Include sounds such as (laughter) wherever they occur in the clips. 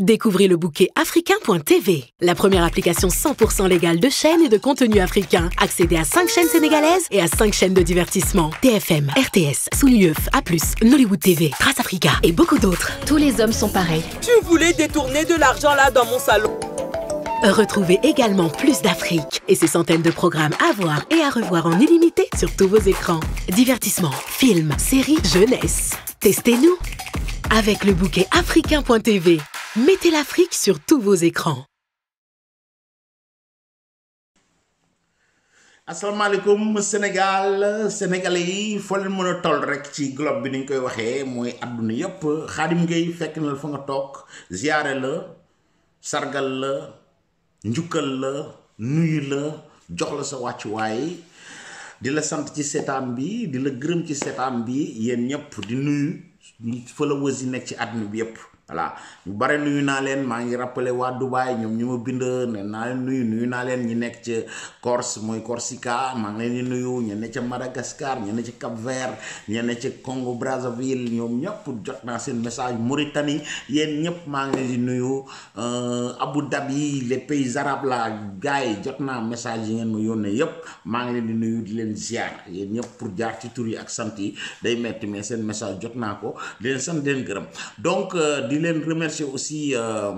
Découvrez le bouquet africain.tv, la première application 100% légale de chaînes et de contenu africain. Accédez à 5 chaînes sénégalaises et à 5 chaînes de divertissement. TFM, RTS, Soulieuf, A+, Nollywood TV, Trace Africa et beaucoup d'autres. Tous les hommes sont pareils. Tu voulais détourner de l'argent là dans mon salon Retrouvez également plus d'Afrique et ses centaines de programmes à voir et à revoir en illimité sur tous vos écrans. Divertissement, films, séries, jeunesse. Testez-nous avec le bouquet africain.tv. Mettez l'Afrique sur tous vos écrans. alaikum, Sénégal sénégalais yi monotol leen rek ci globe bi ni koy waxé moy aduna yépp Khadim Gueye fekk na fa nga tok, ziaré la sargal la njukkal la la jox la sa wàccuwaay di la sant ci seetaan bi di la gërëm ci bi di nuyu fa la ci bi yépp voilà ñu bare nuyu naa leen maa ngi rappelé waa Dubaay ñoom ñu ma bind ne naa leen nuyu nuyu naa leen ñi nekk ca Corse mooy Corsica maa ngi leen di nuyu ñenn ca Madagascar ñenn ca Cap Vert ñenn ca Congo Brazzaville ñoom ñëpp jot naa seen message Mauritanie yéen ñëpp maa ngi leen di nuyu euh, Abu Dhabi les pays arabes la gars yi jot naa message yi ngeen ma yónnee yëpp maa ngi leen di nuyu di leen ziar yéen ñëpp pour jaar ci tur yi ak sant yi day metti mais seen message jot naa ko di leen sant di leen gërëm donc euh, leen remercier aussi euh,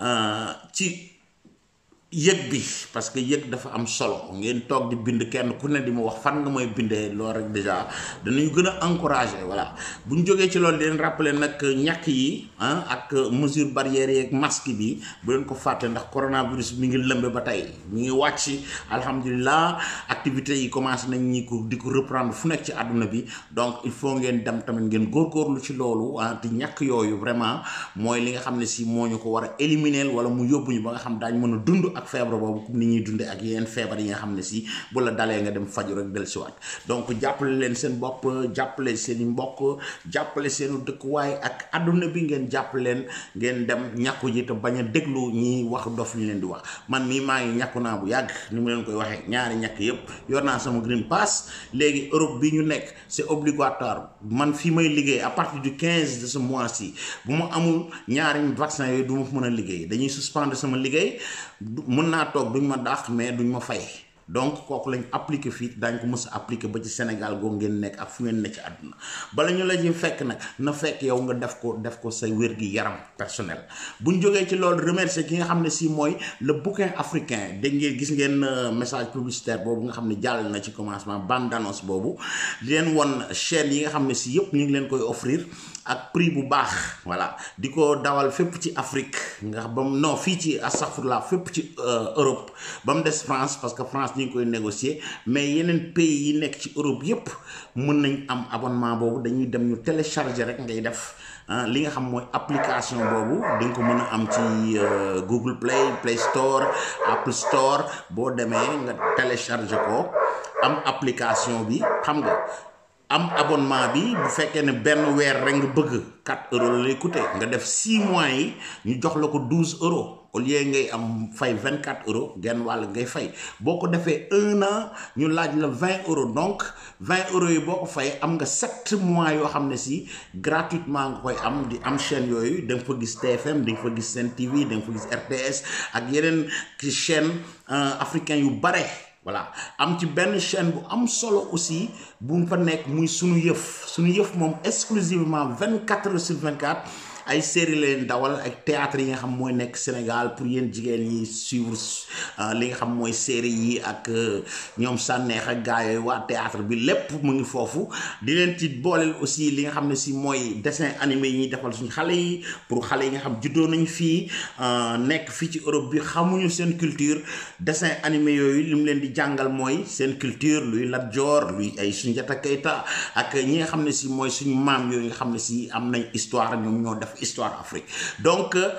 euh, ci yëg bi parce que yëg dafa am solo ngeen toog di bind kenn ku ne di mu wax fan nga mooy bindee loolu rek déjà danañu gën a encouragé voilà bu ñu jógee ci loolu leen rappelé nag ñàkk yi ah ak mesure barrière yeeg masque bi bu leen ko fàtte ndax coronavirus mi ngi lëmbe ba tey mi ngi wàcc alhamdulilah activités yi commencé nañ ñi ko di ko reprendre fu nekk ci àdduna bi donc il faut ngeen dem tamit ngeen góorgóorlu ci loolu ah te ñàkk yooyu vraiment mooy li nga xam ne si moo ñu ko war a éliminer wala mu yóbbu ñu ba nga xam daañ mën a dund ak ak feebar boobu ni ñuy dundee ak yeneen feebar yi nga xam ne si bu la dalee nga dem faju rek del siwaat donc jàppale leen seen bopp jàppale seen i mbokk jàppale seenu dëkkuwaay ak adduna bi ngeen jàpp leen ngeen dem ñàkku ji te bañ a déglu ñiy wax dof ñu leen di wax man mii maa ngi ñàkku naa bu yàgg ni mu leen koy waxee ñaari ñàkk yëpp yor naa sama green pass léegi Europe bi ñu nekk c'est obligatoire man fii may liggéey à partir du quinze de ce mois ci bu ma amul ñaari vaccin yooyu du ma mën a liggéey dañuy suspendre sama liggéey mën naa toog duñ ma dàq mais duñ ma fay donc kooku lañ appliqué fii daañ ko mës a appliqué ba ci Sénégal goo ngeen nekk ak fu ngeen ne ci àdduna bala ñu la ñuy fekk nag na fekk yow nga def ko def ko sa wér gi yaram personnel buñ jógee ci loolu remercier ki nga xam ne si mooy le bouquin africain dégg gis ngeen euh, message publicitaire boobu nga xam ne jàll na ci commencement bande annonce boobu leen won chaîne yi nga xam ne si yëpp ñu ngi leen koy offrir ak prix bu baax voilà di ko dawal fépp ci Afrique nga ba mu non fii ci astafurlah fépp ci euh, Europe ba mu des France parce que France ñu ngi koy négocier mais yeneen pays yi nekk ci Europe yépp mun nañ am abonnement boobu dañuy dem ñu télécharger rek ngay def li nga xam mooy application boobu di ko mën a am ci euh, Google Play Play Store Apple Store boo demee nga télécharger ko am application bi xam nga. am abonnement bi bu fekkee ne benn weer bëgg 4 euros nga 6 mois ñu jox 12 euros au lieu ngay am fay 24 euros genn wàll ngay fay un an ñu laaj la 20 euros donc 20 euros yi am nga 7 mois yoo gratuitement nga am di am chaîne yooyu TFM da nga gis Sen TV da nga gis ak euh, africain voilà am ci ben chaîne bu am solo aussi bu fa nek muy sunu Yeuf, sunu exclusivement 24 sur 24 ay série leen dawal ak théâtre yi nga xam mooy nekk Sénégal pour yéen jigéen ñi suivre euh, li nga xam mooy série yi ak euh, ñoom sànneex ak gaa yooyu waa théâtre bi lépp mu foofu di leen ci booleel aussi li nga xam ne si mooy dessin animé yi ñuy defal suñu xale yi pour xale yi nga xam juddoo nañ fii euh, nekk fii ci Europe bi xamuñu seen culture dessin animé yooyu li leen di jàngal mooy seen luy Lat Joor luy ay Soundiata Keita ak ñi nga xam ne si mooy suñu maam yooyu nga xam ne si am nañ histoire ñoom ñoo def histoire Afrique donc euh,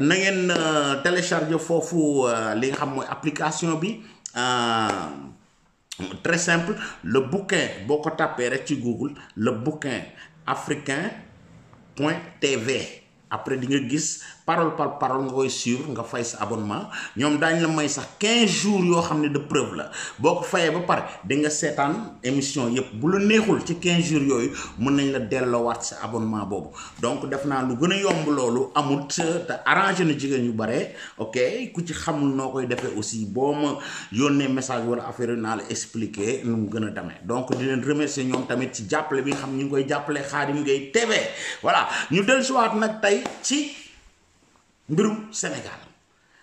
nous ngeen euh, télécharger les euh, li nga xam application bi très simple le bouquin boko taper rek Google le bouquin africain.tv après di nga parole par parole nga koy suivre nga fay sa abonnement ñoom daañ la may sax 15 jours yoo xam ne de preuve la boo ko fayee ba pare di nga seetaan émission yépp bu la neexul ci 15 jours yooyu mën nañ la delloowaat sa abonnement boobu donc def naa lu gën a yomb loolu amut te arrangé jigéen yu bare ok ku ci xamul noo koy defee aussi boo ma yónnee message wala affaire naa la expliqué nu mu gën a demee donc di leen remercier ñoom tamit ci jàppale bi nga xam ñu ngi koy jàppale Khadim Gueye TV voilà ñu dellusiwaat nag tey ci. mbirum Sénégal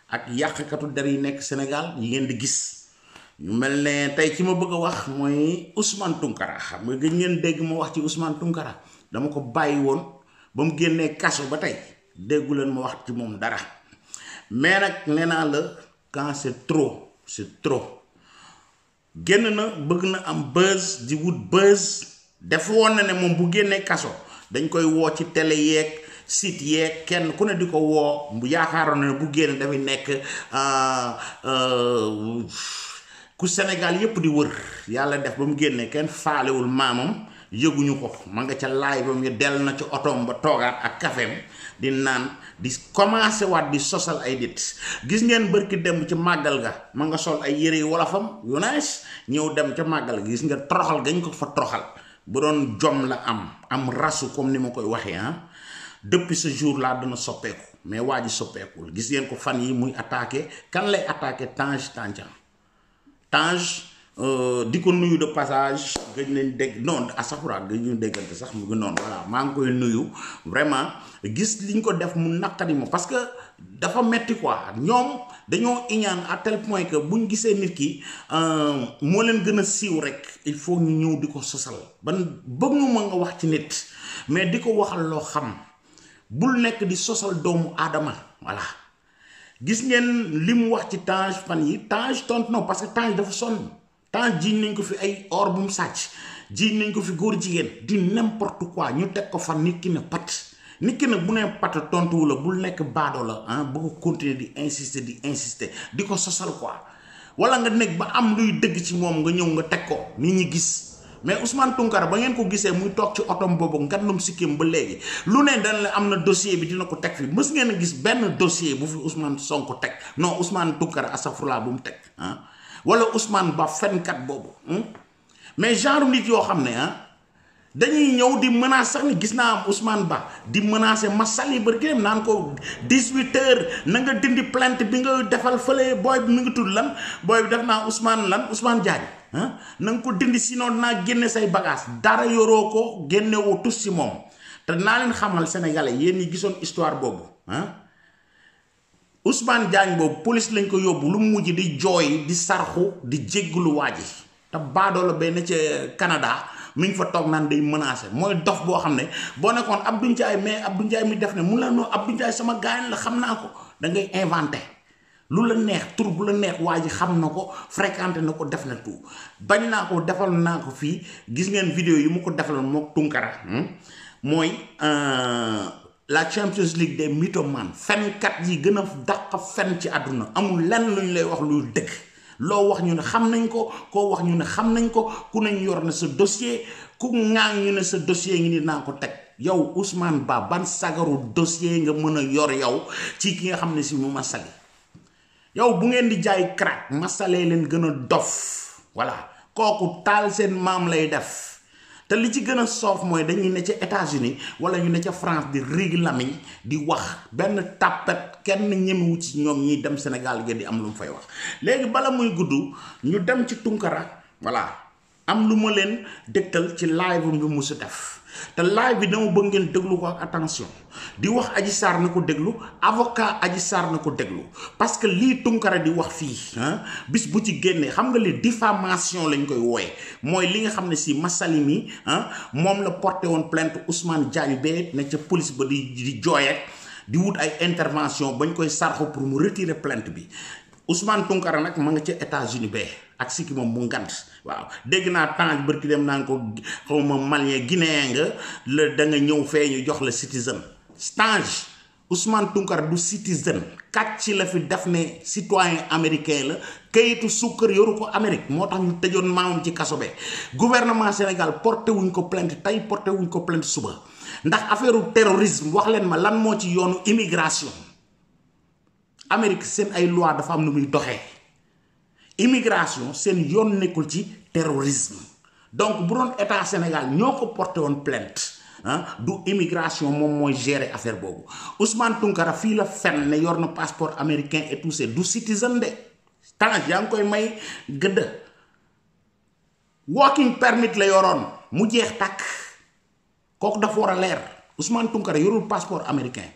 ak yàqkatu der yi nekk Sénégal yi ngeen di gis ñu mel ne tey ki ma bëgg a wax mooy Ousmane Tounkara xam nga gëj ngeen dégg ma wax ci usman Tounkara dama ko bàyyi woon ba mu génnee kaso ba tey déggu leen ma wax ci moom dara mais nag nee naa la quand c'est trop c'est trop génn na bëgg na am buzz di wut buzz def woon na ne moom bu génnee kaso dañ koy woo ci télé yeeg. sit ye ken ku ne di ko woo yaakaaroon na bu génn dafay nekk euh, euh, ku Sénégal yépp di wër yàlla def ba mu génne kenn faalewul maamam yëguñu ko ma nga ca laay ba mu del na ci otoom ba toogaat ak kafem di nan di commencé waat di sosal ay dit gis ngeen bërki dem ci màggal ga ma nga sol ay yére wolofam yu nice ñëw dem ca màggal ga gis nga toroxal gañ ko fa toroxal bu jom la am am rasu comme ni ma koy waxee ah depuis ce jour là dana soppeeku mais waji ji soppeekul gis ngeen ko fan yi muy attaquer kan lay attaquer tange tandian tange euh diko nuyu de passage gëj nañ dégg non asafura gëj ñu déggante sax mu ngi noonu voilà ma ngi koy nuyu vraiment gis liñ ko def mu nakari mo parce que dafa metti quoi ñom dañoo iñaan à tel point que buñu gisé nit ki euh, mo leen gëna siiw rek il faut ñu ñëw diko sosal ban bëgg ma nga wax ci nit mais diko waxal lo xam bul nekk di sosal doomu aadama voilà gis ngeen li mu wax ci Tange fan yi Tange tontu non parce que Tange dafa sonn Tange jiiñ nañ ko fi ay or bu mu sàcc jiiñ nañ ko fi góor jigéen di n'importe quoi ñu teg ko fan nikki ki ne pat nit ki nag bu nee pat tontuwu la bul nekk baadoo la ah bu ko continuer di insister di insister di ko sosal quoi wala nga nekk ba am luy dëgg ci moom nga ñëw nga teg ko nit ñi gis mais Ousmane Tounkara ba ngeen ko gisee muy toog ci otom boobu ngandum sikkim ba léegi lu ne dañ la am na dossier bi dina ko teg fi mës ngeen a gis benn dossier bu fi Ousmane Sonko teg non Ousmane Tounkara asafurlaa bu mu teg ah wala Ousmane Ba fenkat boobu hmm? mais genre nit yoo xam ne ah dañuy ñëw di menace sax ni gis naa am Ousmane Ba di menacer Massaly Bergame naan ko 18 heures na nga dindi plainte bi nga defal fële booy bi mu ngi tudd lan booy bi def naa Ousmane lan Ousmane Diagne ah na nga ko dindi noon naa génne say bagage dara yoroo ko génnewoo tus si moom te naa leen xamal sénégalais yéen ñi gisoon histoire boobu ah Ousmane boobu police lañ ko yóbbu lu mujj di jooy di sarxu di jégglu waa ji te baadoo benn ca Canada mi ngi fa toog naan day menacé mooy dox boo xam ne boo nekkoon Abdou Ndiaye mais Abdou Ndiaye mi def ne mu la noo Abdou Ndiaye sama gaañ la xam naa ko da ngay inventé lu la neex tur bu la neex waa ji xam na ko fréquenté na ko def na tout bañ naa ko defal naa ko fii gis ngeen vidéo yi mu ko defaloon mook tunkara hmm? mooy euh, la Champions League des mythomanes fenkat yi gën a dàq fen ci àdduna amul lenn lu ñu lay wax lu dëkk loo wax ñu ne xam nañ ko koo wax ñu ne xam nañ ko ku nañ yor na sa dossier ku ŋaan ñu ne sa dossier ngi ni naa ko teg yow Ousmane Ba ban sagaru dossier nga mën a yor yow ci ki nga xam ne si mu masali yow bu ngeen di jaay crack masalee leen gën a dof voilà kooku taal seen maam lay def te li ci gën a soof mooy dañuy ne ca États-Unis wala ñu ne ca France di rigi lamiñ di wax benn tàppet kenn ñemewu ci ñoom ñiy dem Sénégal gi di am lu mu fay wax léegi bala muy gudd ñu dem ci Tunkara voilà am lu ma leen dëgtal ci live bi mu si def te live bi dama bëgg ngeen déglu ko ak attention di wax aji sar na ko déglu avocat aji sar na ko déglu parce que lii tunkara di wax fii bis bu ci génnee xam nga li diffamation lañ koy wooye mooy li nga xam ne si masali mi moom la porté woon plainte Ousmane ne ca police ba di di jooy di wut ay intervention bañ koy sarxu pour mu retirer plainte bi Ousmane Tounkara nag ma nga ca États-Unis bee ak sikki moom mu ngant waaw dégg naa temps bërki dem naa ko xaw ma malien nga la da ñëw fee ñu jox la citizen stange Ousmane Tounkara du citizen kàcc ci la fi def ne citoyen américain la kayitu sukkar yoru ko Amérique moo tax ñu tëjoon maamam ci kaso bee gouvernement Sénégal porté wuñ ko plainte tey porté wuñ ko plainte suba ndax affaire terrorisme wax leen ma lan moo ci yoonu immigration Amérique c'est une loi de am nu muy immigration c'est yoon ci terrorisme donc si l'État Sénégal n'a ko porté une plainte ah du immigration moom mooy gérer affaire boobu Ousmane Tunkara, fii la fen ne yor na passeport américain et tout c'est du citizen de tant yaa ngi koy may gëdd walking permit la yoroon mu jeex de kooku à l'air. leer Ousmane Tunkara, yorul passeport américain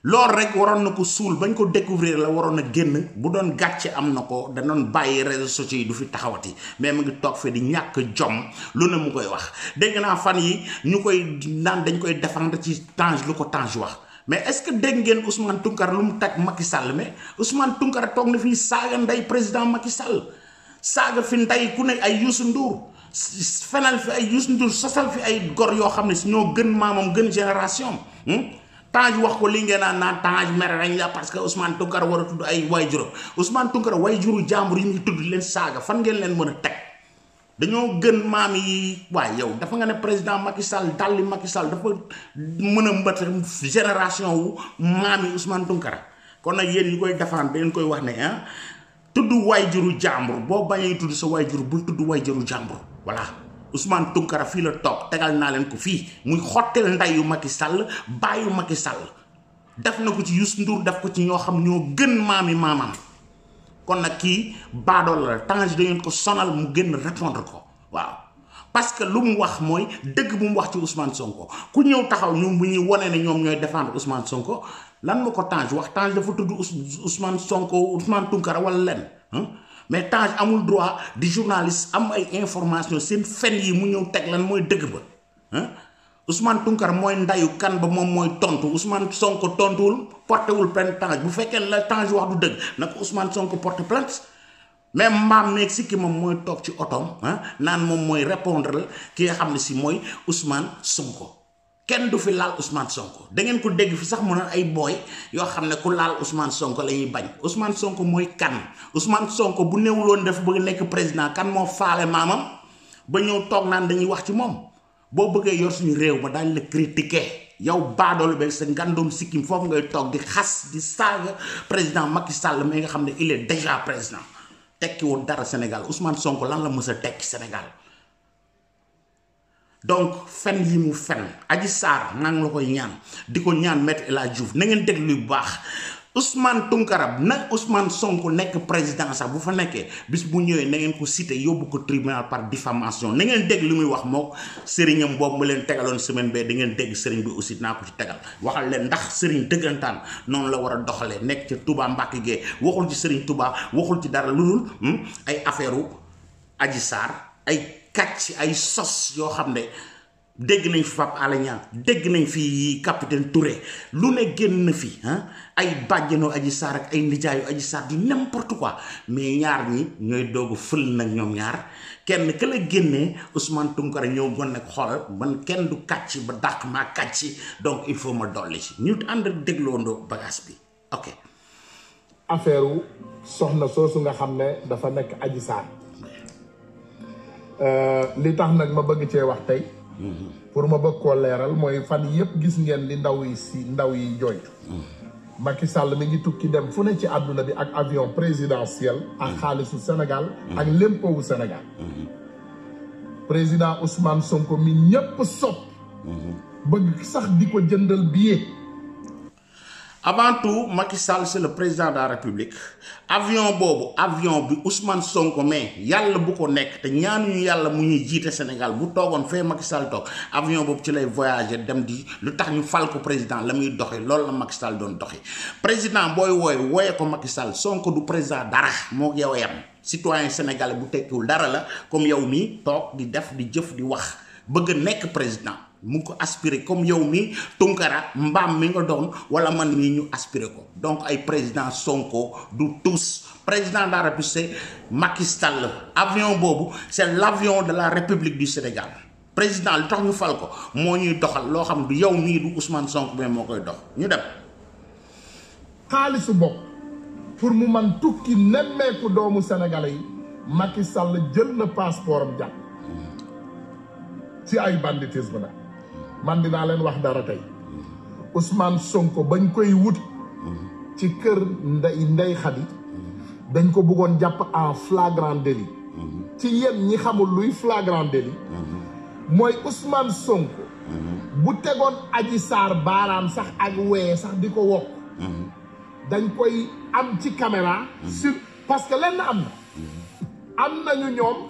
loolu rek waroon na ko suul bañ ko découvrir la waroon a génn bu doon gàcce am na ko danoon bàyyi réseaux sociaux yi du fi taxawati mais mu toog fee di ñàkk jom lu ne mu koy wax dégg naa fan yi ñu koy naan dañ koy défendre ci Tange lu ko Tange wax mais est-ce que dégg ngeen Ousmane Tounkara lu mu tag Macky Sall mais Ousmane Tounkara toog na fii saaga ndey président Macky Sall saaga fi ndey ku ne ay Youssou Ndour fenal fi ay Youssou Ndour sosal fi ay gor yoo xam ne si ñoo gën maamam gën génération hmm? Tange wax ko li ngeen naan naan Tange mere parce que Ousmane Tounkara war a tudd ay waajur Ousmane Tounkara waajuru jàmbur yi ñuy tudd leen saaga fan ngeen leen mën a teg dañoo gën maam yi waaye yow dafa nga ne président Macky Sall dalli Macky Sall dafa mën a mbët génération wu maam yi Ousmane kon nag yéen yi koy defaan dañ koy wax ne ah waay waajuru jàmbur boo bañee tudd sa waajur bul tudd waajuru jàmbur voilà. Ousmane Tounkara fii la toog tegal naa leen ko fii muy xotteel xottel ndayu Macky Sall bàyyu Macky Sall def na ko ci Youssou Ndour def ko ci ñoo xam ñoo gën maami maamam kon nag kii baadool la Tange dañu ko sonal mu gën répondre ko waaw parce que lu mu wax mooy dëgg bu mu wax ci Ousmane Sonko ku ñëw taxaw ñu bu ñuy wone ne ñoom ñooy défendre Ousmane Sonko lan ma ko Tange wax Tange dafa tudd Ousmane Sonko Ousmane Tounkara wala lenn mais Tange amul droit di journaliste am ay information seen fen yi mu ñëw teg lan mooy dëgg ba ah Ousmane Tounkara mooy ndayu kan ba moom mooy tontu Ousmane Sonko tontuwul portewul plainte Tange bu fekkee la Tange wax du dëgg na ko Ousmane Sonko porte plainte mais maam neeg sikki moom mooy toog ci otoom ah naan moom mooy répondre la ki nga xam ne si mooy Ousmane Sonko. kenn du fi laal Ousmane Sonko da ngeen ko dégg fi sax mu ne ay booy yoo xam ne ku laal Ousmane Sonko lañuy ñuy bañ Ousmane Sonko mooy kan Ousmane Sonko bu néewuloon dafa bëgg nekk président kan moo faale maamam ba ñëw toog naan dañuy wax ci moom boo bëggee yor suñu réew ma daañu la critiquer yow baadoolu beeg sa ngandum sikkim foofu ngay toog xas di saaga président Macky Sall mi nga xam ne il est déjà président tekkiwul dara Sénégal Ousmane Sonko lan la mës a tekki Sénégal. donc fen yi mu fen Adji Sarr maa ngi la koy ñaan di ko ñaan Maître El Hadji Diouf na ngeen déglu bu baax Ousmane Tounkara na Ousmane Sonko nekk président sax bu fa nekkee bis bu ñëwee na ngeen ko cité yóbbu ko tribunal par diffamation na ngeen dégg li muy wax mook sëriñam boobu mu leen tegaloon semaine bee da ngeen dégg sëriñ bi aussi naa ko ci tegal waxal leen ndax sëriñ dëggantaan noonu la war a doxalee nekk ca Touba Mbacke Gueye waxul ci sëriñ Touba waxul ci dara lu hmm, ay affaire u kàcc ay sos yoo xam ne dégg nañ fi fab Alé Niang dégg nañ fi capitaine Touré lu ne génn na fi ah, ay bàjjanoo Adji Sarr ak ay nijaayu Adji Sarr di n'importe quoi mais ñaar ñi ñooy doogu fël nag ñoom ñaar kenn ka la génnee Ousmane Tounkara ñëw gon nag xoolal man kenn du kàcc ba dàq maa ci donc il faut ma dolli ci ñu ànd dégloondoo bagage bi ok affaire soxna soosu nga xam ne dafa nekk Adji Sarr Euh, li tax nag ma bëgg cee wax tey pour ma bëgg koo leeral mooy fan yëpp gis ngeen li ndaw yi si ndaw yi jooytu Macky Sall mi ngi tukki dem fu ne ci àdduna bi ak avion présidentiel ak xaalisu senegal ak lémpowu senegal président Ousmane Sonko mi ñëpp sopp mm-hmm. bëgg sax di ko jëndal billet avant tout Macky Sall c'est le président de la république avion bobo, avion bi Ousmane Sonko mais Yalla bu ko nekk te ñu Yalla mu ñuy jité Sénégal bu togon fee Macky Sall tok. avion bobo ci lay voyager dem di lu tax ñu fal ko président lamuy doxé lool la Macky Sall doon doxé. président boy woy wooye ko Macky Sall Sonko du président dara moo yow yam citoyen sénégalais bu tekkiwul dara la comme yow mi tok di def di jëf di wax bëgg nek président mu aspirer aspiré comme yow mi mbam Mingodon, mi nga wala man mii ñu aspiré donc ay président Sonko du tous président de la République c'est avion bobu c'est l'avion de la République du Sénégal président le tax ñu fal ko moo ñuy doxal loo xam du yow mii du Ousmane Sonko mais moo koy dox ñu dem xaalisu bopp pour mu man tukki nemmeeku doomu sénégalais Makistal jël na passeport C'est jàpp ay banditisme là. man dinaa leen wax dara tey Ousmane Sonko bañ koy wut ci kër nday nday xadi dañ ko bëggoon jàpp en flagrant délit ci yéen ñi xamul luy flagrant délit mooy Ousmane Sonko bu tegoon aji saar baaraam sax ak wee sax di ko wokk dañ koy am ci caméra sur parce que lenn am na am nañu ñoom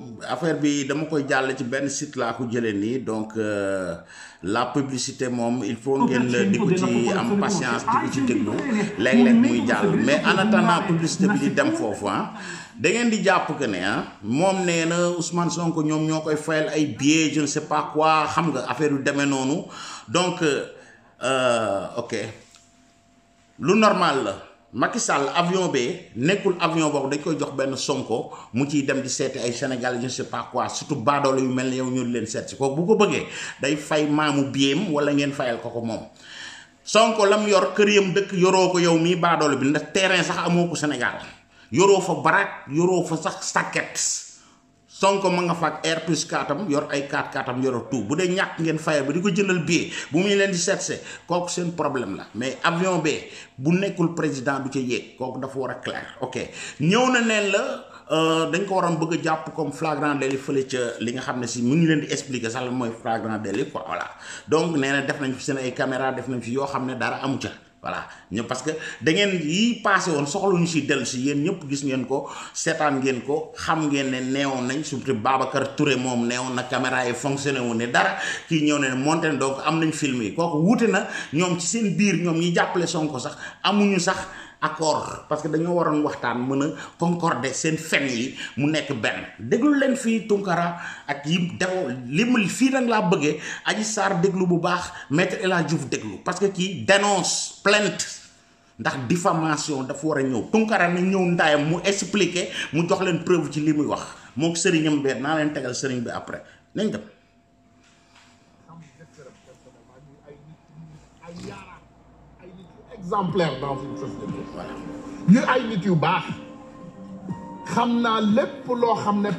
affaire bi dama koy jàll ci benn site laa ko jëlee nii donc euh, la publicité moom il faut ngeen euh, di ko ci am ah, patience di ci déglu léeg-léeg muy jàll mais en attendant publicité bi di dem foofu ah da ngeen di jàpp que ne ah moom nee na Ousmane Sonko ñoom ñoo koy fayal ay billets je ne pas quoi xam nga affaire yu demee noonu donc euh, ok lu normal la. Macky Sall avion be nekkul avion boobu dañ koy jox benn Sonko mu ciy dem di seeti ay sénégal je ne sais pas surtout baadoolo yu mel ni yow ñu leen seet si ko bu ko bëggee day fay maamu biem wala ngeen fayal ko ko moom. Sonko lam yor kër yam dëkk yoroo ko yow mii baadoolo bi ndax terrain sax amoo ko Sénégal yoroo fa barak yoroo fa sax sakket Sonko ma nga fa ak air plus kaatam yor ay kaat kaatam yoro tout bu dee ñàkk ngeen fayal ba di ko jëlal bii bu muy leen di seetse kooku seen problème la mais avion bee bu nekkul président du ca yéeg kooku dafa war a clair ok ñëw na neen la euh, dañ ko waroon bëgg a jàpp comme flagrant délit fële ca li nga xam ne si mu ngi leen di expliquer sax la mooy flagrant délit quoi voilà donc nee def nañ fi seen ay caméra def nañ fi yoo xam ne dara amu ca voilà ñëpp parce que da ngeen yi passé woon soxluñu si dellu si yéen ñëpp gis ngeen ko seetaan ngeen ko xam ngeen ne neewoon nañ surtout Babacar Touré moom neewoon na caméra yi fonctionné wu ne dara kii ñëw ne monté donc am nañu film yi kooku wuute na ñoom ci seen biir ñoom ñi jàppale Sonko sax amuñu sax accord parce que dañoo waroon waxtaan mën a concorder seen fen yi mu nekk benn déglu leen fii Tunkara ak yi def li mu fii nag laa bëggee aji Sarr déglu bu baax maître El Hadji Diouf déglu parce que ci dénonce plainte ndax diffamation dafa war a ñëw Tunkara na ñëw ndaayam mu expliquer mu jox leen preuve ci li muy wax mook sëriñam bi naa leen tegal sëriñ bi après nañ dem exemplaire dans une société voilà ñu ay nit yu baax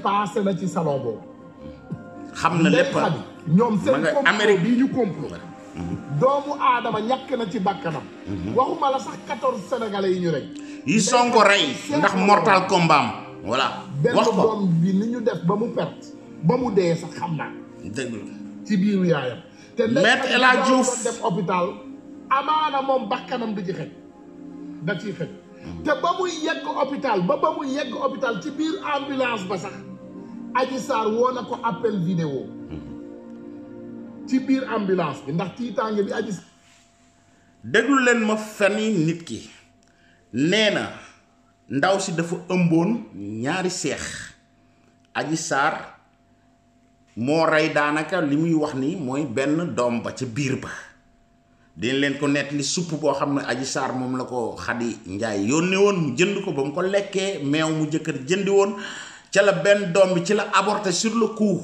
passé na ci salon bo xamna lepp ñom bi ñu complot doomu adama ñak na ci a mhm. waxuma la sax 14 sénégalais yi ñu rek yi ray ndax mortal combat am voilà wax ko bi ñu def ba mu perte ba mu dé sax xamna ci hôpital amaana moom bakkanam du ci xet da ciy xet te ba muy yegg hôpital ba ba muy yegg hôpital ci biir ambulance ba sax Adji Sarr woo na ko appel vidéo ci biir ambulance bi ndax tiitaange bi Adji déglu leen ma fenni nit ki nee na ndaw si dafa ëmboon ñaari seex aji Sarr moo rey daanaka li muy wax ni mooy benn doom ba ca biir ba dina leen ko nettali supp boo xam ne aji saar moom la ko xadi njaay yónnee woon mu jënd ko ba mu ko lekkee meew mu jëkkër jëndi woon ca la benn doom bi ci la avorté sur la coup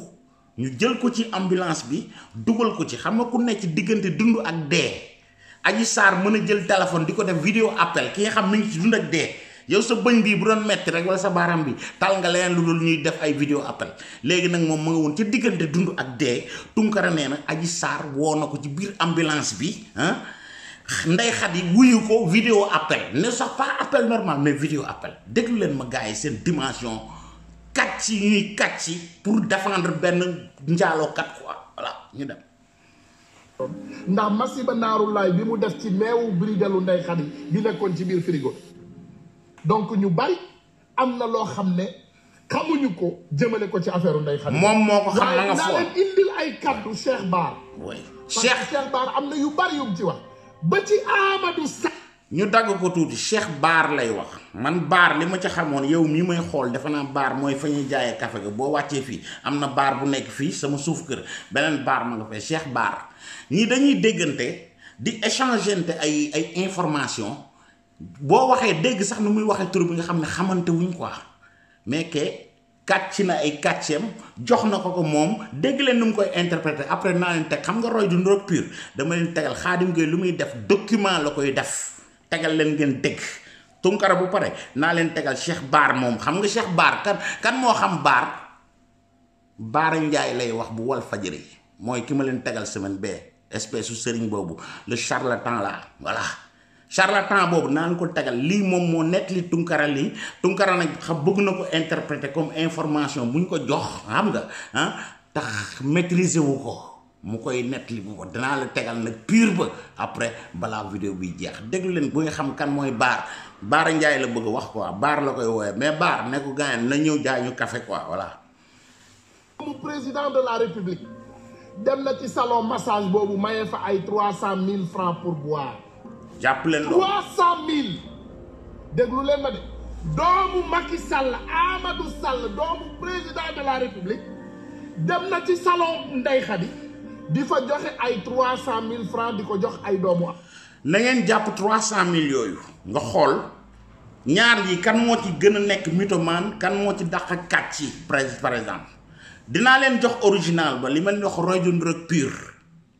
ñu jël ko ci ambulance bi dugal ko ci xam nga ku nekk ci diggante dund ak dee aji saar mën a jël téléphone di ko def vidéo appel ki nga xam mi ngi ci dund ak dee yow sa bëñ bi bu doon metti rek wala sa baram bi tal nga leen lu dul ñuy def ay video appel legi nak mom ma nga won ci digënde dundu ak dé tunkara néna aji sar wonako ci bir ambulance bi ah ndey xat yi wuyu ko appel ne sax pas appel normal mais video appel deglu leen ma gaay sen dimension katchi yi ñuy kàcc pour défendre benn kat quoi voilà ñu dem ndax masiba naaru lay bi mu def ci mewu bridalu ndey xat yi bi nekkon ci bir frigo donc ñu bari am na loo xam ne xamuñu ko jëmale ko ci affaire Ndeye Khady. moom moo ko xam na nga foo waaye naa ay kaddu Cheikh Baar. oui Cheikh Cheikh Baar am na yu bari yu mu ci wax ba ci Amadou Sa. ñu dagg ko tuuti Cheikh Baar lay wax man Baar li ma ci xamoon yow mii may xool defe naa Baar mooy fa ñuy jaaye kafe ga boo wàccee fii am na Baar bu nekk fii sama suuf kër beneen Baar ma nga fay Cheikh Baar ñii dañuy déggante di échangente ay ay information boo waxee dégg sax nu muy waxee tur bi nga xam ne xamante wuñ ko mais que kàcc na ay kàcceem jox na ko ko moom dégg leen nu mu koy interpréter après naa leen teg xam nga roy du ndoor dama leen tegal Khadim Gueye lu muy def document la koy def tegal leen ngeen dégg Tunkara bu pare naa leen tegal Cheikh Baar moom xam nga Cheikh Baar kan kan moo xam Baar Baara Njaay lay wax bu wal fajiri mooy ki ma leen tegal semaine bee espèce su sëriñ boobu le charlatan la voilà charlatan boobu naan ko tegal lii moom moo nekk li tunkara lii tunkara nag xam bëgg na ko interpréter comme information bu ñu ko jox xam nga ah tax maîtriser wu ko mu koy net li bu danaa la tegal nag piir ba après balaa vidéo bi jeex déglu leen bu xam kan mooy baar baara njaay la bëgg wax quoi baar la koy wooye mais baar ne ko na ñëw jaay ñu café quoi voilà mu président de la république dem na ci salon massage boobu mayee fa ay trois cent mille francs pour boire jappelen lo 300000 deglu len ma de doomu Macky Sall Amadou Sall doomu président de la république dem na ci salon Ndeye xadi di fa joxe ay 300000 francs diko jox ay doomu na ngeen japp 300000 yoyu nga xol ñaar yi kan mo ci gëna a mitoman kan mo ci dàq katchi yi par exemple dina len jox original ba li ma wax roy rek pur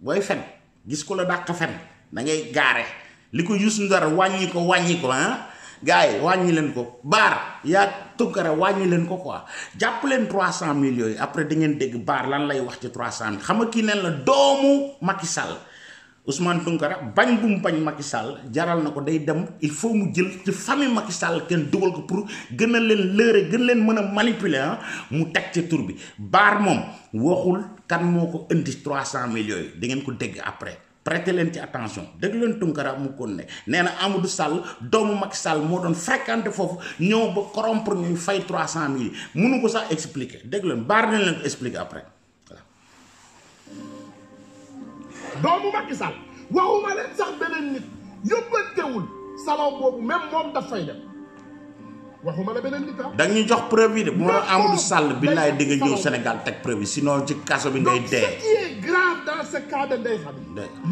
boy fen gis ko la dakh fen da ngay gaare liko ko Ndar wàññi ko wàññi ko ah gay yi len ko bar ya tukara wàññi len ko quoi japp len 300 millions après di ngeen dégg bar lan lay wax ci 300 xama ki nga la doomu Macky Sall Ousmane Tunkara bañ bu mu Macky Sall jaral nako day dem il faut mu jël ci fami Macky Sall ken dougal ko pour gënal len leen gën len mëna manipuler hein ah. mu tek ci tour bi bar mom waxul kan moko indi 300 millions di da ngeen ko dégg après. prêter leen ci attention dégg leen Tunkara mu kon ne nee na Amadou Sall doomu Macky Sall moo doon fréquenté foofu ñëw ba corrompre ñuy fay trois cent mille mënu ko sax expliquer dégg leen baar nañ leen ko expliquer après voilà. doomu Macky Sall waxuma sax beneen nit yóbbantewul salon boobu même moom daf dem. waxuma da ñu jox preuve bi de bu ma amadou sall billahi di nga ñew senegal tek preuve yi sinon ci kaso bi ngay dé grave dans ce cas de ndey xam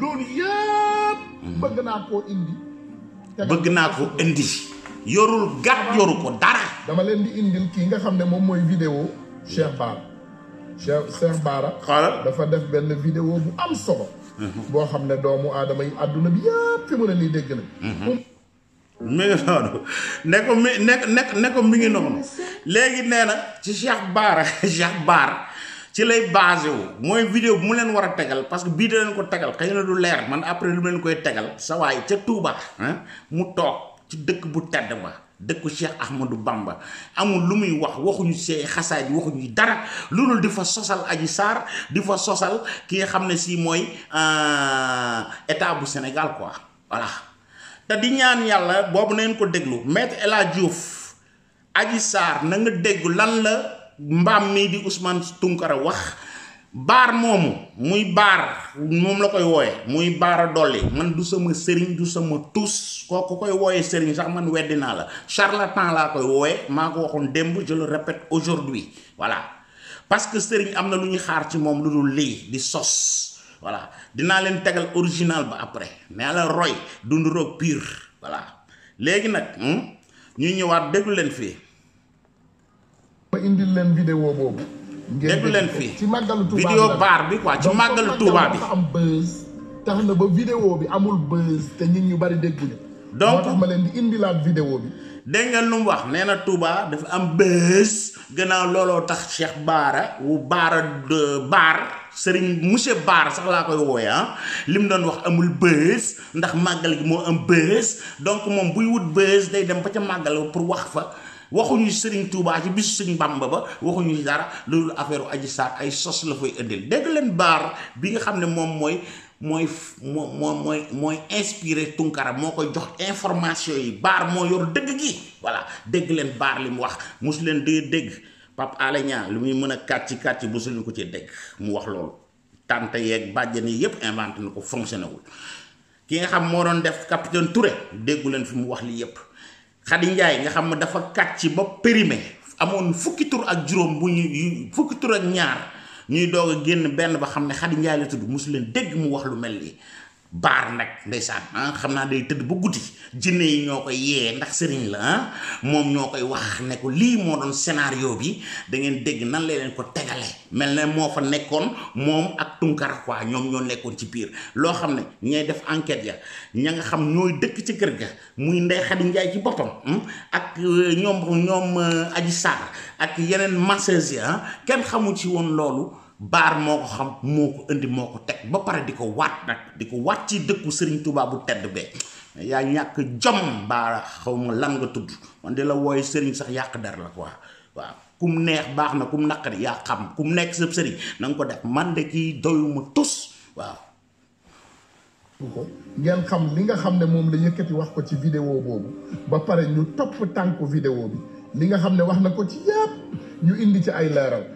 loolu yëpp hmm. bëgg na koo indi bëgg naa ko indi yorul gat yoru ko dara dama leen di indil ki nga xam ne moom mooy vidéo cheikh bar cheikh cheikh baara xala dafa def benn vidéo bu am solo hmm. boo xam ne doomu aadama yi àdduna bi yëpp fi mu ne nii dégg na mi ngi noonu ne ko mi ne ne ko mi ngi noonu léegi nee na ci Cheikh Baara (laughs) Cheikh Baara ci lay basé wu mooy vidéo bu mu leen war a tegal parce que bii da leen ko tegal xëy na du leer man après lu leen koy tegal sa waay ca Touba mu toog ci dëkk bu tedd ba dëkku Cheikh Ahmadou Bamba amul lu muy wax waxuñu see xasaay bi waxuñu dara loolu di fa sosal Adji Sarr di fa sosal ki nga xam ne si mooy euh, état bu Sénégal quoi voilà. te di ñaan yàlla boobu nañ ko déglu maître El Hadj Diouf Adji Sarr na dégg lan la mbaam mii di Ousmane Tunkara wax baar moomu muy baar moom la koy wooye muy baara dolli man du sama sëriñ du sama tus kooku koy wooyee sëriñ sax man weddi naa la charlatan laa koy wooye maa ko waxoon démb je le répète aujourd'hui voilà parce que sëriñ am na lu ñuy xaar ci moom lu dul lii di sos voilà dinaa leen tegal original ba après nee la roy dunduroog piir voilà léegi nag hmm? ñu ñëwaat déglu leen fii. ma indi leen vidéo boobu. déglu leen fii ci màggalu Touba baar bi quoi ci bi am tax na ba vidéo bi amul buzz te nit ñu bari dégguñu. donc moo ma leen di indilaat vidéo bi. dégg nga lu mu wax nee na Touba dafa am buzz gannaaw looloo tax Cheikh Baara wu Baara Baar. sëriñ monsieur Baar sax laa koy wooye ah li mu doon wax amul bës ndax màggale gi moo am bës donc moom buy wut bës day dem ba ca màggal pour wax fa waxuñu sëriñ Touba ci bisu sëriñ Bamba ba waxuñu dara loolu affaire Adji Sarr ay sos la fay ëddil dégg leen Baar bi nga xam ne moom mooy mooy moom mooy mooy inspiré Tunkara moo koy jox information yi Baar moo yor dëgg gi voilà dégg leen Baar li mu wax mosu leen dee dégg. Pape Alé Niang lu muy mën a kàcci kàcci bu su suñu ko ci dégg mu wax loolu tante yeeg bàjjen yi yëpp inventé na ko fonctionné wul ki nga xam moo doon def capitaine Touré déggu leen fi mu wax lii yëpp Khady Ndiaye nga xam ma dafa kàcci ba périmé amoon fukki tur ak juróom bu ñu fukki tur ak ñaar ñuy doog a génn benn ba xam ne Khady Ndiaye la tudd mosu leen dégg mu wax lu mel nii. baar nag ndeysaan ah xam naa day tëdd bu guddi jinne yi ñoo koy yee ndax sëriñ la ah moom ñoo koy wax ne ko lii moo doon scénario bi da ngeen dégg nan leen ko tegale mel na moo fa nekkoon moom ak tunkar quoi ñoom ñoo nekkoon ci biir loo xam ne ñay def enquête ya ña nga xam ñooy dëkk ci kër ga muy Ndey Xadi Njaay ci boppam hmm, ak euh, ñoom ñoom euh, Aji Sarr ak yeneen masseuse ya ah, kenn xamu ci woon loolu Bar moko ko xam moko ko indi moko tek ba pare diko wat nak diko wat ci dëkku serigne touba bu tedd be ya ñak jom ba xawma nga tudd man de la woy serigne sax yak dar la quoi wa kum neex baax na kum nak ya xam kum nek sëb serigne nang ko def man de ki doyuma tus wa ngeen xam li nga xam ne moom la yëkkati wax ko ci vidéo bobu ba pare ñu topp tànku vidéo bi li nga xam ne wax na ko ci yépp ñu indi ci ay leral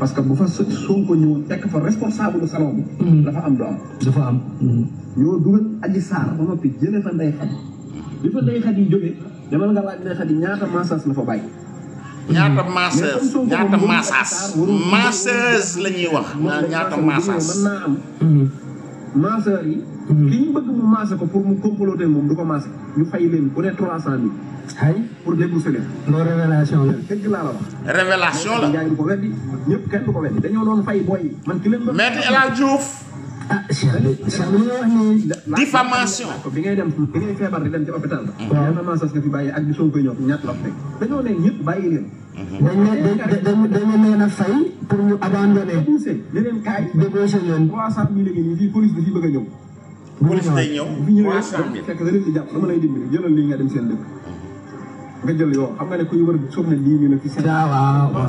parce que bu fa son ko ñëw tek fa responsable du salon bi. Mm-hmm. fa am du am. dafa am. ñoo mm-hmm. dugal aji sar ba noppi jëlee fa nday xat bi fa nday xat yi jógee demal nga laaj ndey xat yi ñaata massage la fa bay ñaata massage ñaata massage massage lañuy wax ñaata massage. man na am mm-hmm. massage yi. ki mm-hmm. ñu bëgg mu maase ko pour mu comploter moom du ko maase ñu fay leen bu ne trois cent mille. ay pour déboucher leen. loolu révélation la. dëgg laa la wax. révélation la Ndiaye du ko weddi ñëpp kenn du ko weddi dañoo doon fay booy man ki leen bëgg. maître El Hadj Diouf. ah Cheikh li Cheikh li wax nii. diffamation. bi ngay dem bi ngay feebar di dem ci hôpital ba. waaw yàlla naa sas nga fi bàyyi ak bi soo koy ñor ñett la fekk. dañoo ne ñëpp bàyyi leen. Mm-hmm. dañ ne dañ dañ leen a fay pour ñu abandonné. li leen kaay. déboucher leen. trois cent mille ñu fii police bi fii bëgg a ñëw. police day ñëw bi ñu ñëwee fekk da leen di dama lay dimbali jëlal lii nga dem seen dëkk nga jël yoo xam nga ne ku ñu war a soog na fi seen waaw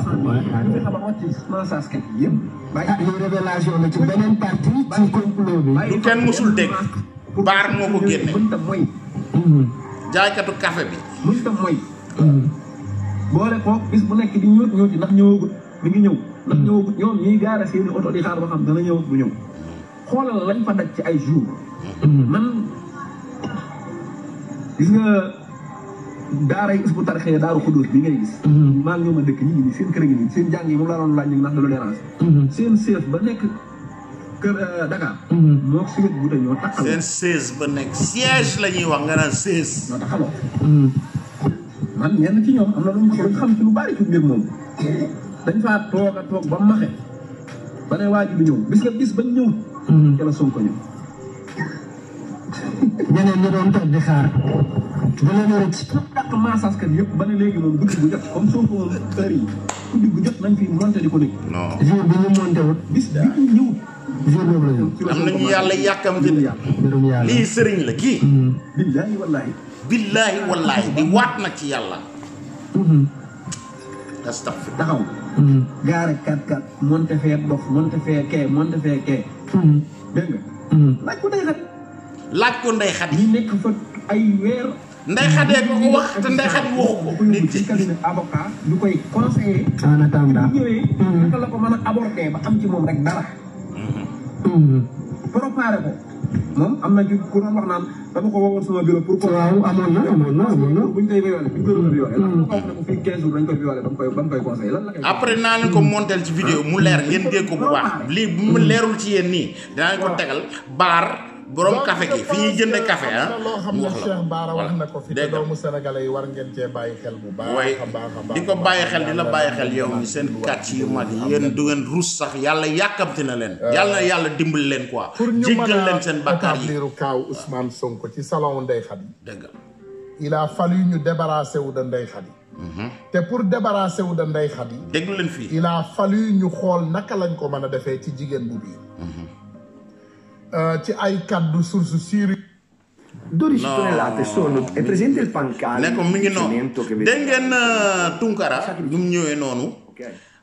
ci yëpp bàyyi révélation la ci beneen parti ci complot bi du kenn musul dégg café bi moy hmm. boole ko bis bu nekk di ñëw ñëw ndax ñëwagut mi ngi ñëw ndax ñëwagut ñoom ñuy gaara seeni oto di xaar ba xam dana ñëw bu ñëw xolal lañ fa daj ci ay jour man gis nga daara yi isbu tarxe daaru xudóos bi ngay gis mm-hmm. maa ngi ma dëkk ñi ngi seen kër ngi nii seen jàng yi moom la doon laaj ñu ngi ndax dalu dérange mm-hmm. seen seef ba nekk kër euh, Dakar mm-hmm. mook suñu buta ñoo taxal seen siège ba nekk siège la ñuy wax nga naan siège ñoo taxaloo man ñenn ci ñoom am na lu ñu xam ci lu bari ci mbir moom dañ faa toog a toog ba maxe ba ne waa ji ñëw bis nga bis ba ñëw ca la Sonko ñëw. ñeneen ñi doon toog di xaar. ba leen rëcc. pour dàq maasas kan yëpp ba ne léegi moom bu jot comme Sonko moom heure yi guddi bu jot nañ fi monté di ko nekk. non jour bi ñu monté wut. bi ñu ñëwut. jour boobu la yàlla yàkkam ci yàlla. lii sëriñ la kii. Mm-hmm. billaahi wallaahi. billaahi waat na ci yàlla. Mm-hmm. astafurlah taxaw. Mm-hmm. gaare kat kat mënta fee dof mënta fee kee mënta fee kee. Mm-hmm. dégg nga. ko ndey xat. laaj ko ndey xat. ñu nekk fa ko wax te ndey mm-hmm. la ko mën a aborder ba am ci moom rek dara. préparé ko. moom am na ci ku doon wax naan ko wowoon sama bureau pour. waaw amoon na amoon na amoon na. buñ koy violé buñ hmm. ko fii 15 jours dañ koy violé ba mu koy ba après naa leen ko montel ci vidéo mu leer ngeen dégg ko bu baax lii leerul ci yéen nii dinaa leen ko tegal baar. borom café gi fi ñuy jënd café ah loo xam ne Cheikh wax na ko fi te doomu sénégalais yi war ngeen cee bàyyi xel bu baax a baax a di ko bàyyi xel di la bàyyi xel yow mi seen kàcc yu mag yi yéen du ngeen ruus sax yàlla yàkkamti na leen euh. yàlla yàlla dimbali leen quoi pour ñu mën a leen seen bàkkaar yi kaaw Ousmane Sonko ci salon Ndeye Khady dëgg il a fallu ñu débarrasser wu de Ndeye yi mhm. te pour débarrasser wu de Ndeye yi déglu leen fii il fal fallu ñu xool naka lañ ko mën a defee ci jigéen bu biir mhm. Eh, ci ay kaddu source siri. Doris tonnellate sono è presente il pancale. nekk mi ngi eh, noonu Tunkara ñum ñëwé nonu.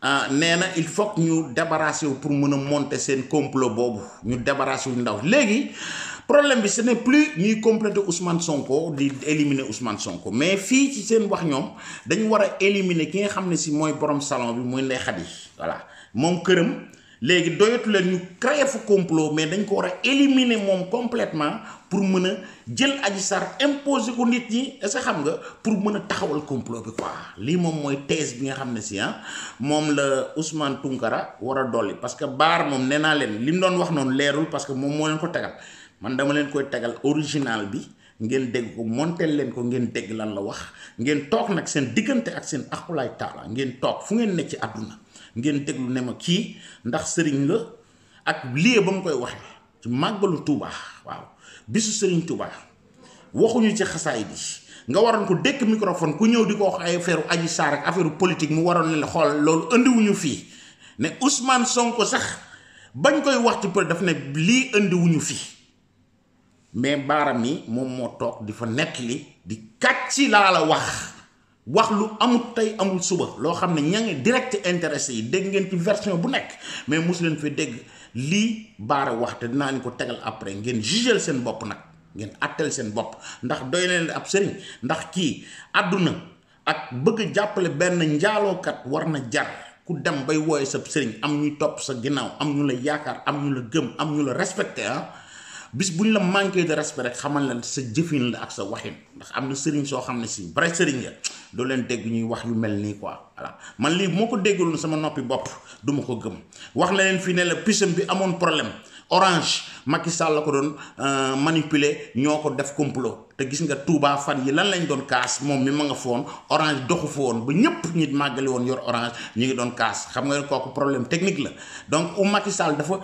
Ah, néna il faut ñu débarrassé pour mën monter sen complot bobu. ñu débarrassé ndaw Légui problème bi ce n'est plus ñuy compléter Ousmane Sonko di éliminer Ousmane Sonko mais fi ci sen wax ñom dañu wara éliminer ki nga xamné ne moy borom salon bi moy Ndeye Khady voilà Mom kërëm léegi doyatu leen ñu créer fa complot mais dañ ko war a éliminer moom complètement pour mën a jël Adji sar imposer ko nit ñi est sa xam nga pour mën a taxawal complot bi quoi lii moom mooy thèse bi nga xam ne si ah, moom la Ousmane Tounkara war a dolli parce que Baar moom nee naa leen li mu doon wax noonu leerul parce que moom moo leen ko tegal man dama leen koy tegal original bi ngeen dégg ko monteel leen ko ngeen dégg lan la wax ngeen toog nag seen diggante ak seen axulaay taala ngeen toog fu ngeen nekk ci àdduna ngeen déglu ne ma kii ndax sëriñ la ak lii ba mu koy waxee ci màggalu Touba waaw bisu sëriñ Touba waxuñu ci xasaay bi nga waroon ko dékk microphone ku ñëw di ko wax ay affaire Adji ak affaire politique mu waroon na la xool loolu andiwuñu fii ne Ousmane Sonko sax bañ koy wax ci për daf ne lii andiwuñu fii mais baaram yi moom moo toog di fa nekk li di kàcci laa la wax wax lu amul tey amul suba loo xam ne ña ngi direct intéressé yi dégg ngeen ci version bu nekk mais mosu fee fi dégg lii baare wax te dinaa leen ko tegal après ngeen jugeel seen bopp nag ngeen attel seen bopp ndax doy leen ab sëriñ ndax kii àdduna ak bëgg jàppale benn njaalookat war na jar ku dem bay wooye sa sëriñ am ñuy topp sa ginnaaw am ñu la yaakaar am ñu la gëm am ñu la respecté ah. bis bu ñu la manqué de respect rek xamal la sa jëfin la ak sa waxin ndax am na sëriñ soo xam ne si vrai sëriñ la doo leen dégg ñuy wax yu mel nii quoi voilà man lii moo ko dégguloon sama noppi bopp duma ko gëm wax na leen fii ne la pisam bi amoon problème orange Macky Sall la ko doon euh, manipuler ñoo ko def complot. te gis nga Touba fan yi lan lañ doon kaas moom mi ma nga foon orange doxu fa woon ba ñëpp ñi màggali woon yor orange ñu ngi doon kaas xam nga kooku problème technique la donc u Macky Sall dafa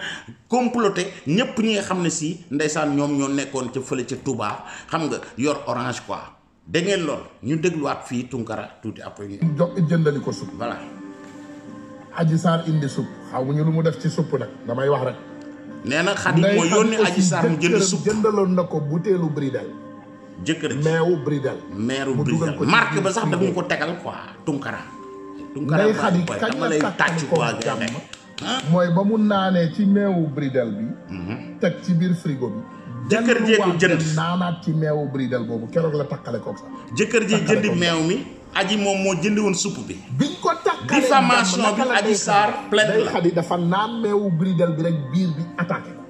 comploté ñëpp ñi xam ne si ndeysaan ñoom ñoo nekkoon ca fële ca Touba xam nga yor orange quoi dégg ngeen ñu dégluwaat fii Tunkara tuuti après ñu. jox jëndali ko supp voilà. Aji Sarr indi supp xaw ma ñu lu mu def ci supp nag damay wax rek. nee na xarit moo yónni Aji Sarr mu jënd supp jëndaloon na ko butéelu bridal jëkkër ji meewu Bridal. meeru Bridal marque ba sax dafa ko tegal quoi Tunkara. Tunkara quoi dama lay tàcc quoi gën mooy ba mu naanee ci meewu Bridal bi. Mhm. teg ci biir frigo bi. jëkkër jee ko jënd naanaat ci meewu boobu keroog la takkale koog sax. jëkkër jee jëndi meew mi. aji moom moo jënd woon supp bi. biñ ko takkalee diffamation bi aji saar plainte la day dafa naan meewu Bridal bi rek biir bi attaqué ko.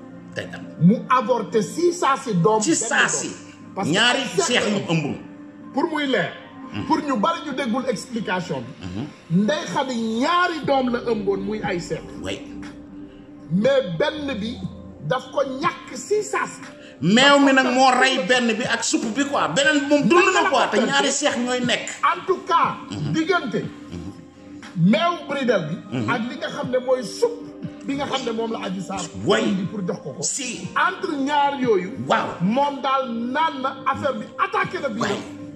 mu avorté si saa si doom. ci saa si. parce que ñaari seex yu ëmb. pour muy leer. Hmm. pour ñu bari ñu déggul explication bi. Hmm. ndey ñaari doom la ëmboon muy ay seex. way benn bi daf ko ñàkk si saas. meew mi nag moo rey benn bi ak supp bi quoi beneen bi moom dund na quoi te ñaari seex ñooy nekk. en hmm. diggante. meew bridal bi. ak li nga xam ne mooy supp. bi nga xam ne la Adji Sarr. way pour jox ko ko. si entre ñaar yoyu waaw moom daal naan na affaire bi attaquer na. bi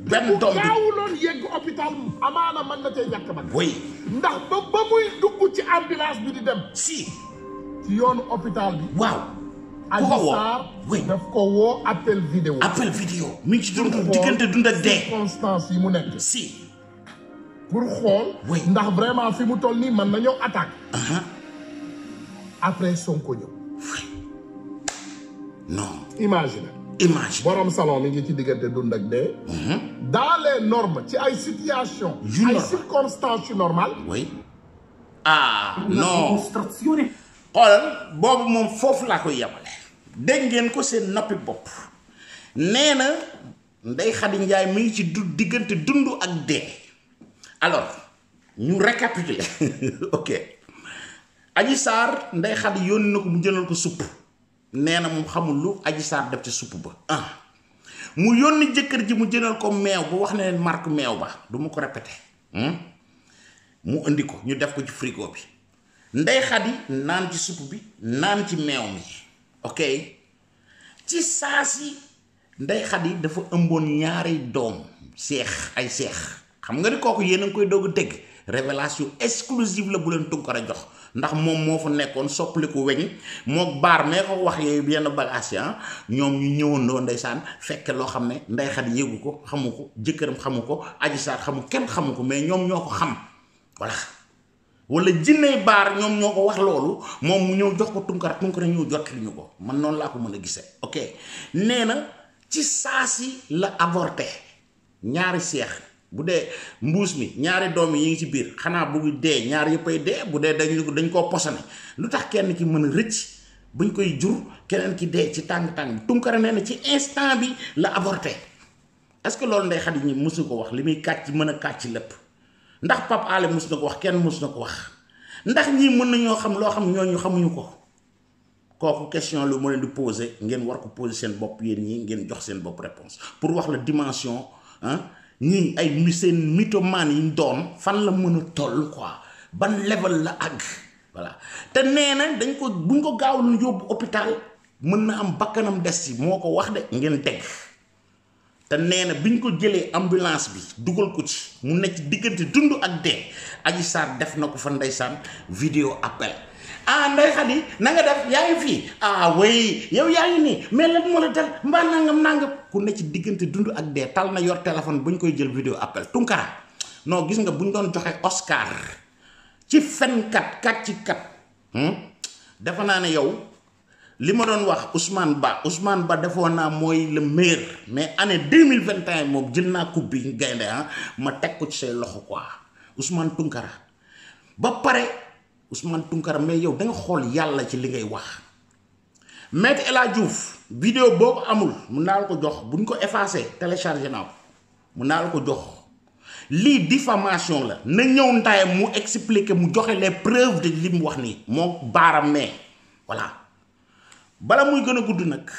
ben dom bi gaawuloon yegg hôpital amana man na tay ñàkk ba. way ndax ba ba muy dugg ci ambulance bi di dem. si. ci yoonu hôpital bi. waaw. ku ko woo daf ko wo appel vidéo. appel vidéo mi ci dund diggante dund ak dee. circonstances yi mu nekk. si. pour xool. ndax vraiment fi mu toll ni man nañoo attaque après son ñëw. non. imagine imagine borom salon mi ngi ci diggante dund ak dee. Mhm. dans les normes ci ay situation ay circonstances yu normales. oui ah, ah non. xoolal boobu moom foofu laa koy yemale. dégg ngeen ko seen noppi bopp nee a Ndeye Khady Ndiaye mi ngi ci du diggante dund ak dee alors nous récapitulons. (laughs) ok. aji sar nday xal yon nako mu jënal ko soup neena mom xamul lu aji sar def ci soup ba ah mu yonni jëkkeer ji mu jënal ko mew bu wax ne marque mew ba mu ko répéter hmm mu andi ko ñu def ko ci frigo bi nday xadi naan ci soup bi naan ci mew mi ok ci saasi nday xadi dafa ëmbon ñaari doom cheikh ay cheikh xam nga ni koku yeen a koy dogu dégg révélation exclusive la bu leen jox ndax moom moo fa nekkoon soppaliku weñ mook baar mee ko wax yooyu yenn bagage ya ah, ñoom ñu ñëwandoo ndeysaan fekke loo xam ne ndey xat yéegu ko xamu ko jëkkëram xamu ko aji saar xamu kenn xamu ko mais ñoom ñoo ko xam voilà wala jinney baar ñoom ñoo ko wax loolu moom mu ñëw jox ko tunkar tunkar ñëw jot ko man noonu laa ko mën a gisee ok nee na ci si la avorté ñaari seex bu dee mbuus mi ñaari doom yi ñu ngi ci biir xanaa bu dee ñaar yëppay dee bu dee dañu dañ koo posone lu tax kenn ki mën a rëcc buñ koy jur keneen ki dee ci tàng-tàng tunkara nee na ci instant bi la avorté est que loolu ndey Xadi ñi mosu ko wax li muy kàcc mën a kàcc lépp ndax Pape Alé mos ko wax kenn mos na ko wax ndax ñii mën nañoo xam loo xam ñooñu xamuñu ko kooku question lu ma leen di poser ngeen war ko poser seen bopp yéen ñi ngeen jox seen bopp réponse pour wax la dimension ah ñii ay mi seen mythomane yi ñu doon fan la mën a toll quoi ban level la àgg voilà te nee na dañ ko buñ ko gaawul yóbbu hôpital mën na am bakkanam des ci moo ko wax de ngeen dégg te nee na biñ ko jëlee ambulance bi dugal ko ci mu nekk diggante dund ak dee Adji Sarr def na ko fa ndeysaan vidéo appel ah nday xadi nanga nga def yaa ngi fii ah way yow yaa ngi nii mais lan moo la tel mbaa nangam nangam ku ne ci diggante dund ak dee tal na yor téléphone bu ñu koy jël vidéo appel tunkara noo gis nga bu ñu doon joxe Oscar ci fenkat kat ci hmm? naa ne yow li ma doon wax Ousmane Ba Ousmane Ba defoon naa mooy le meilleur mais ane deux mille vingt et moom jël naa coupe bi ñu gaynde ah ma teg ko ci say loxo quoi Ousmane Tunkara ba pare. Ousmane Tunkar mais yow da nga xol yalla ci li ngay wax Maître El Diouf vidéo amul mu nal ko jox buñ ko effacer télécharger naa ko mun ko jox li diffamation la na ñew ndaye mu expliquer mu joxe les preuves de lim mu wax ni mo baram me voilà bala muy gëna a gudd nag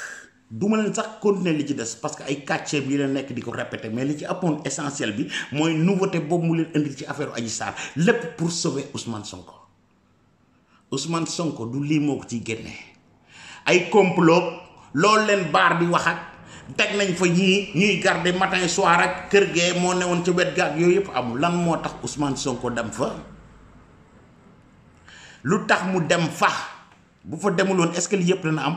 duma len sax continuer li ci dess parce que ay kàccee bi la nek di répéter mais li ci apone essentiel bi moy nouveauté bob mu len andil ci affaire Adji Sarr lepp pour sauver Ousmane Sonko Ousmane Sonko du lii moo ko ciy génne ay complot loolu leen baar di wax ak teg nañ fa ñii ñuy garde matin soir ak kër gee moo newoon ca wet gaag yooyu yëpp amul lan moo tax Ousmane Sonko dem fa lu tax mu dem fa bu fa demuloon est-ce que li yëpp dana am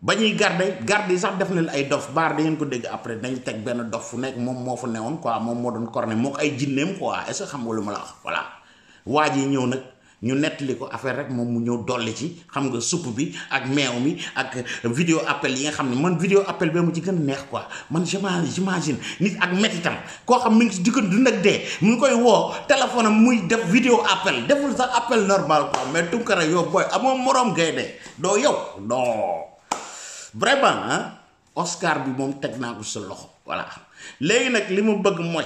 ba ñuy garder garder sax def na ay dof baar da ngeen ko dégg après dañ teg benn dof fu nekk moom moo fa newoon quoi moom moo doon corne moo ko ay jinneem ko est-ce xam nga lu ma la wax voilà waa ji ñëw nag. ñu nettali ko affaire rek moom mu ñëw dolli ci xam nga supp bi ak meew mi ak vidéo appel yi nga xam ne man vidéo appel bee mu ci gën a neex quoi man j'imagine nit ak métitam koo xam mi ngi si diggante dund ak dee mu ngi koy woo téléphone am muy def vidéo appel deful sax appel normal quoi mais Tunkara yow booy amoo moroom gaynde de doo yow non vraiment ah Oscar bi moom teg naa ko sa loxo voilà léegi nag li mu bëgg mooy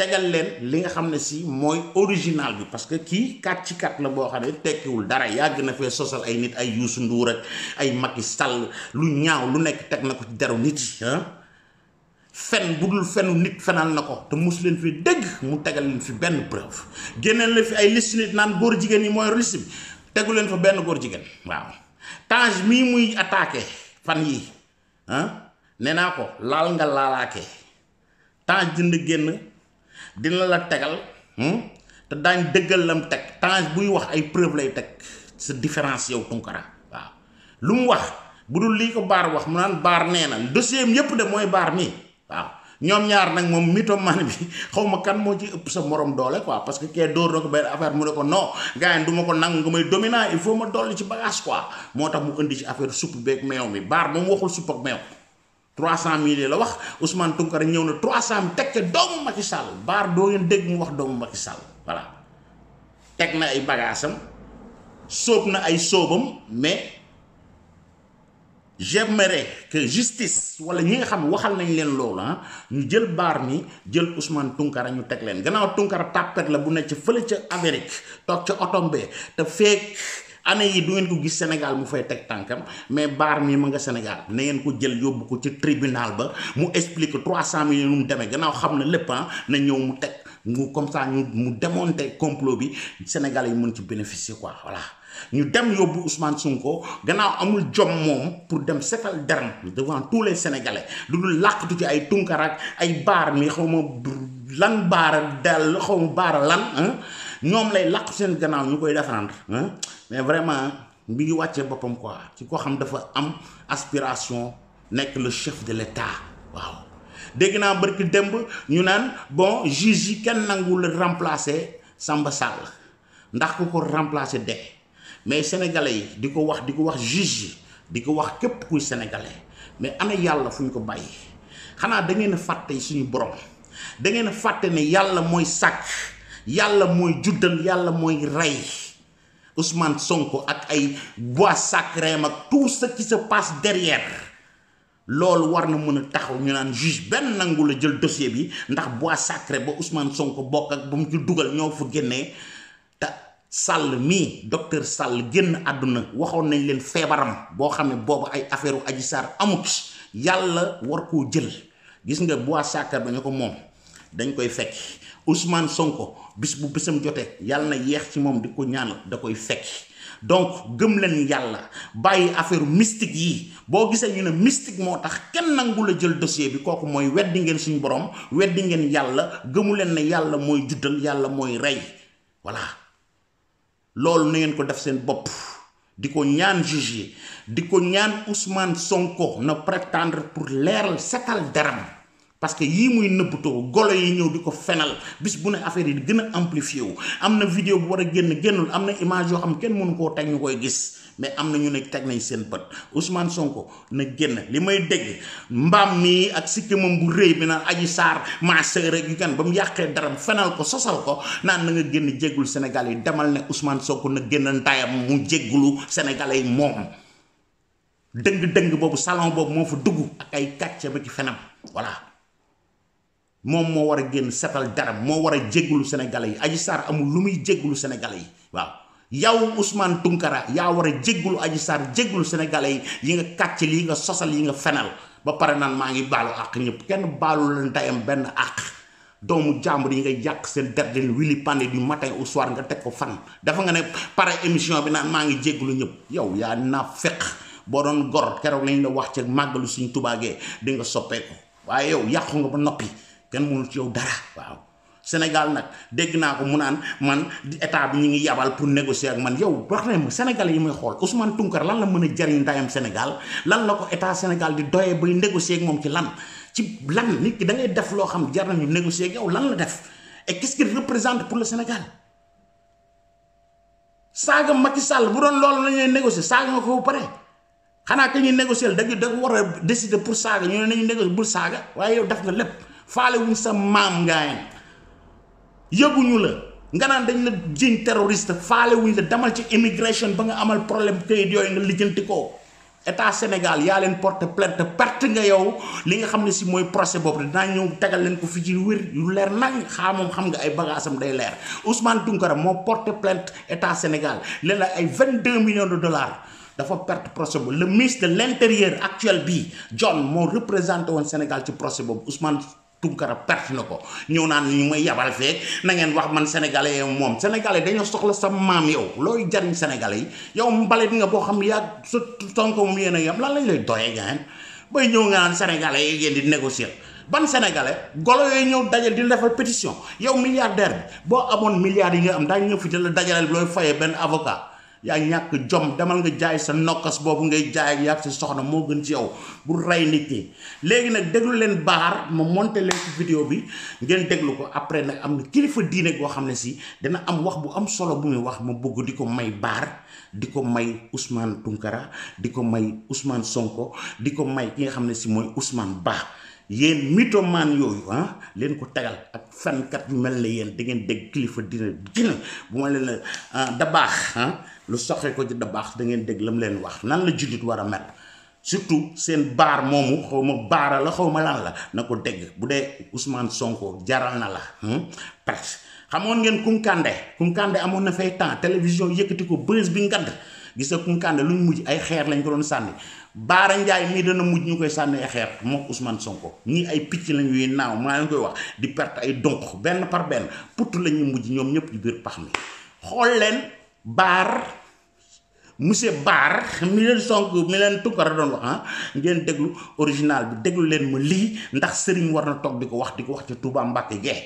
tegal leen li nga xam ne si mooy original bi parce que kii kat ci kat la boo xam ne tekkiwul dara yàgg na fee sosal ay nit ay Youssou Ndour ay ay Macky Sall lu ñaaw lu nekk teg na ko ci deru nit yi ah. fen bu dul fenu nit fenal na ko te musu leen fi dëgg mu tegal leen fi benn preuve génneel la fi ay liste nit naan góor jigéen yi mooy liste tegu leen fa benn góor jigéen waaw Tange mii muy attaqué fan yi ah naa ko laal nga laalaakee Tange dina génn dina la tegal hmm? te dañ deugal lam teg tange buy wax ay preuve lay teg ce différence yow tonkara waaw lu mu wax budul li ko bar wax mu nan bar nee dossier de moy bar mi waaw ñom ñaar mom mito man bi (laughs) xawma kan mo ci ëpp sa morom doole quoi parce que ké door na bay affaire mu ne ko non gaay yi du ma ko nangu nga may dominant il faut ma doli ci bagage quoi motax mu andi ci affaire soupe bek meew mi bar waxul soupe ak meew 300 mille la wax Ousmane Tounkara ñëw na 300 teg ca doomu Macky Sall baar doo ngeen dégg mu wax doomu Macky Sall voilà teg na ay bagaasam soob na ay sóobam mais j'aimerais que justice wala ñu nga xam waxal nañ leen loolu ah ñu jël baar mi jël Ousmane Tounkara ñu teg leen gannaaw Tounkara tàppet la bu nekk ca fële ca Amérique toog ca otombe te feek année yi du ngeen ko gis Sénégal mu fay teg tànkam mais baar mii ma nga Sénégal na ngeen ko jël yóbbu ko ci tribunal ba mu explique trois cent millions mu demee gannaaw xam na lépp ah, na ñëw mu teg mu comme ça ñu mu tey complot bi Sénégal yi mun ci bénéficier quoi voilà ñu dem yóbbu Ousmane Sonko gannaaw amul jom moom pour dem setal deram devant tous les Sénégalais lu dul làqatu ci ay tunkarak ay baar mii xaw ma lan baara dal xaw ma baara lan ah. ñoom lay làqu seen gannaaw ñu koy défendre ah. mais vraiment mi ngi wàccee boppam quoi ci ko xam dafa am aspiration nek le chef de l'État waaw dégg naa barki demb ñu naan bon juge yi kenn nangul remplacer Samba Sall ndax ko ko remplacer de mais sénégalais yi di ko wax di ko wax juge yi di ko wax képp kuy sénégalais mais ana yàlla fu ñu ko bàyyi xanaa da ngeen a fàtte suñu borom da ngeen a fàtte ne yàlla mooy sàkk yàlla mooy juddal yàlla mooy rey Ousmane Sonko ak ay bois sacré ak tout ce qui se passe derrière lol war na mën taxaw ñu naan juge ben nangu la jël dossier bi ndax bois sacré ba Ousmane Sonko bok ak ba mu ci dugal ñoo fu génné ta Sall mi docteur Sall génn aduna waxon nañ leen bo xamné bobu ay affaireu Adji Sar amut yalla war ko jël gis nga bois sacré ba ñako ko dañ koy fekk Usman Sonko bis bu bisam joté yalla na yeex ci mom diko ñaanal da koy fekk donc gëm leen yalla bayyi affaire mystique yi bo gisé ñu né mystique mo tax kenn nangu la jël dossier bi koku moy wedd ngeen suñ borom wedd ngeen yalla gëmu leen né yalla moy juddal yalla moy rey voilà lolou na ngeen ko def seen bop diko ñaan juger diko ñaan Ousmane Sonko na prétendre pour leral setal daram parce que yi muy nëbbutoo golo yi ñew di fenal bis bu ne affaire yi di amplifier wu amna vidéo bu wara a génn amna am image yo xam kenn mënu ko tag ñukoy gis mais amna ñu ne tag nañ seen bëtt Ousmane Sonko na génn limay dégg mbam mi ak sikkimam bu rëy bi na aji sar ma sœur ak yu kan daram fenal ko sosal ko naan na nga génn jéggul Sénégal yi damal ne Ousmane Sonko na génn ntaayam mu jéggulu Sénégal yi moom dëng-dëng boobu salon bobu mo fa dugg ak ay katcha ba ci fenam voilà moom moo war a génn setal daram moo war a jégglu sénégalais yi Adji Sarr amul lu muy jégglu sénégalais yi waaw yow Ousmane Tunkara yaa war a jégglu Adji Sarr jégglu sénégalais yi yi nga kàcc yi nga sosal yi nga fenal ba pare naan maa ngi baalu àq ñëpp kenn baalu la ndeyam benn àq doomu jàmbur yi nga yàq seen der wili pande du matin au soir nga teg ko fan dafa nga ne pare émission bi naan maa ngi jégglu ñëpp yow yaa naa feq boo doon gor keroog lañu la wax ci màggalu suñ tubaagee di nga soppeeku waaye yow yàqu nga ba noppi ken mënul ci yow dara waaw sénégal nak dégg naa ko mu naan man état bi ñu ngi yabal pour négocier ak man yow wax na ma sénégalais yi may xool Ousmane Tunkar lan la mën a jariñ ndayam sénégal lan la ko état sénégal di doyebu bay négocier ak moom ci lan ci lan nit ki da ngay def loo xam jar nañu négocier ak yow lan la def et qu'est-ce qu'il représente pour le sénégal saaga Macky Sall bu doon loolu la négocier saaga nga ko bu pare xanaa ka ñuy négocier dag da war a décider pour saaga ñu ne nañu négocier bul saaga waaye yow def nga lépp faale wuñ sa maam ngaayam yëguñu la nga naan dañ la jiñ terroriste faale wuñ la demal ci immigration ba nga amal problème këyit yooyu nga lijjanti ko état Sénégal yaa leen porte plainte perte nga yow li nga xam ne si mooy procès boobu dinaa ñëw tegal leen ko fi ci wér yu leer nañ xaa xam nga ay bagaasam day leer Ousmane Tounkara moo porte plainte état Sénégal leen la ay 22 millions de dollars dafa perte procès boobu le ministre de l' intérieur actuel bii John moo représenté woon Sénégal ci procès boobu Ousmane Tunkara perte na ko ñëw naan ñu may yabal fee na ngeen wax man sénégalais yi moom sénégalais dañoo soxla sa maam yow looy jariñ sénégalais yi yow bi nga boo xam yaa sa Sonko moom yéen a yem lan lañ lay doyee nga booy ñëw nga naan sénégalais yi ngeen di négocier ban sénégalais golo yooyu ñëw dajal di defal pétition yow milliardaire bi boo amoon milliards yi nga am daañu ñëw fi di la dajaleel looy fayee benn avocat. yaa ñàkk jom demal nga jaay sa nokkas boobu ngay jaay ak yàgg soxna moo gën ci yow bu rey nit ñi léegi nag déglu leen baar ma monté leen ci vidéo bi ngeen déglu ko après nag am na kilifa diine goo xam ne si dana am wax bu am solo bu muy wax ma bëgg di ko may baar di ko may Ousmane Tounkara di ko may Ousmane Sonko di ko may ki nga xam ne si mooy Ousmane baax man yo yooyu ah leen ko tagal ak kat yu mel ne yéen da ngeen dégg kilifa dina dina bu ma leen ah, da baax ah lu soxee ko ci da baax da ngeen dégg lam leen wax nan la jullit war a mel surtout seen baar moomu xawma ma baara la xawma lan la na ko dégg bu dee Ousmane Sonko jaral na la hmm, parce xamoon ngeen kum kunkande amoon na fay temps télévision yëkkati ko bës bi ngand gis kum kunkande luñ mujj ay xeer lañ ko doon sànni baara njaay mi dana mujj ñu koy sànnee xeer moom ousmane sonko ñii ay picc lañ yuy naaw maa ngi koy wax di perte ay donc benn par benn putt ñu mujj ñoom ñëpp ci biir pax mi xool leen baar monsieur baar mi leen sonk mi leen tunkara doon wax ah ngeen déglu original bi déglu leen ma lii ndax sëriñ war na toog di ko wax di ko wax ci tuuba mbàkke gee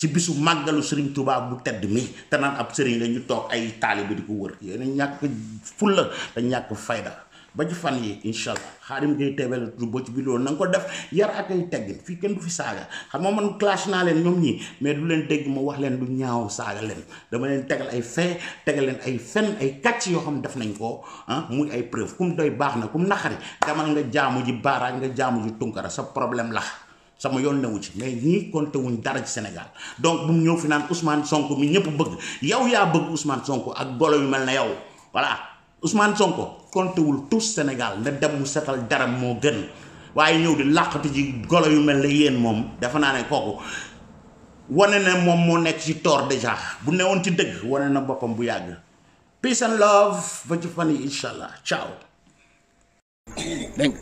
ci bisu màggalu sëriñ tuuba bu tedd mi te naan ab sëriñ la ñu toog ay taalibe di ko wër yéen ñàkk fulla te ñàkk fayda ba ci fan yi inshallah allah ngay tebel du bo ci bi loolu na ko def yar ak ay tegg fi ken du fi saga xam mo man clash na len ñom ñi mais du len degg mo wax len du ñaaw saga len dama len tegal ay fe tegal len ay fen ay katch yo xam def nañ ko ah muy ay preuve kum doy bax na kum naxari dama nga jaamu ji bara nga jaamu ji tunkara sa problème la sama yoon newu ci mais ñi konté wuñ dara ci Sénégal donc bu ñew fi nan Ousmane Sonko mi ñepp bëgg yow ya bëgg Ousmane Sonko ak golo yu melna yow voilà Ousmane Sonko wul tous Sénégal na dem mu sétal dara mo gën waye ñew di laqati ji golo yu mel yeen mom dafa naa ne kooku wane na moom moo nekk ci tor déjà bu néwon ci dëgg woné na bopam bu yagg peace and love ba ci fani inshallah ciao Deng,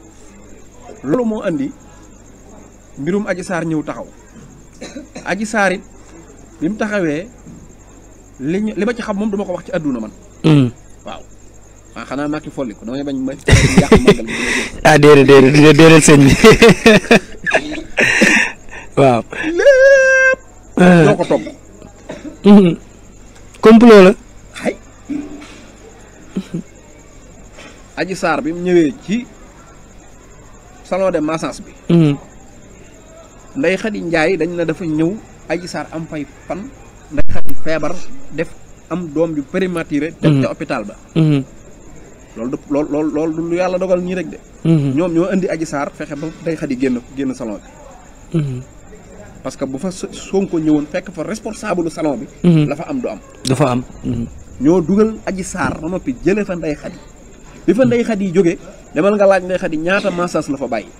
lolu mo andi mbirum aji sar ñew taxaw aji sar it bi mu taxawee li li ci xam mom duma ko wax ci aduna man hmm. ah xanaa Macky folli ko damay bañ ma (laughs) yàq ah, déedéet déedéet déedéet bi (laughs) waaw. lépp. Ah. doo ko togg. Mm-hmm. complot la. ay. Adji bi mu ñëwee ci salon de massage bi. Mm-hmm. Ndeye Khady njaay dañ na dafa ñëw Adji Sarr am fay fan Ndeye Khady feebar def am doom ju prématuré. dem ca mm-hmm. hôpital ba. loolu du lool lool lu yàlla dogal ñii rek de mhm. ñoom ñoo indi aji saar fexe ba day xadi génn génn salon bi mhm. parce que bu fa sonko ñëwoon fekk fa responsable salon bi mhm. la fa am du am dafa am ñoo dugal aji saar ba noppi jële fa nday xadi bi fa nday xadi jógee demal nga laaj nday xadi ñaata massage la fa bàyyi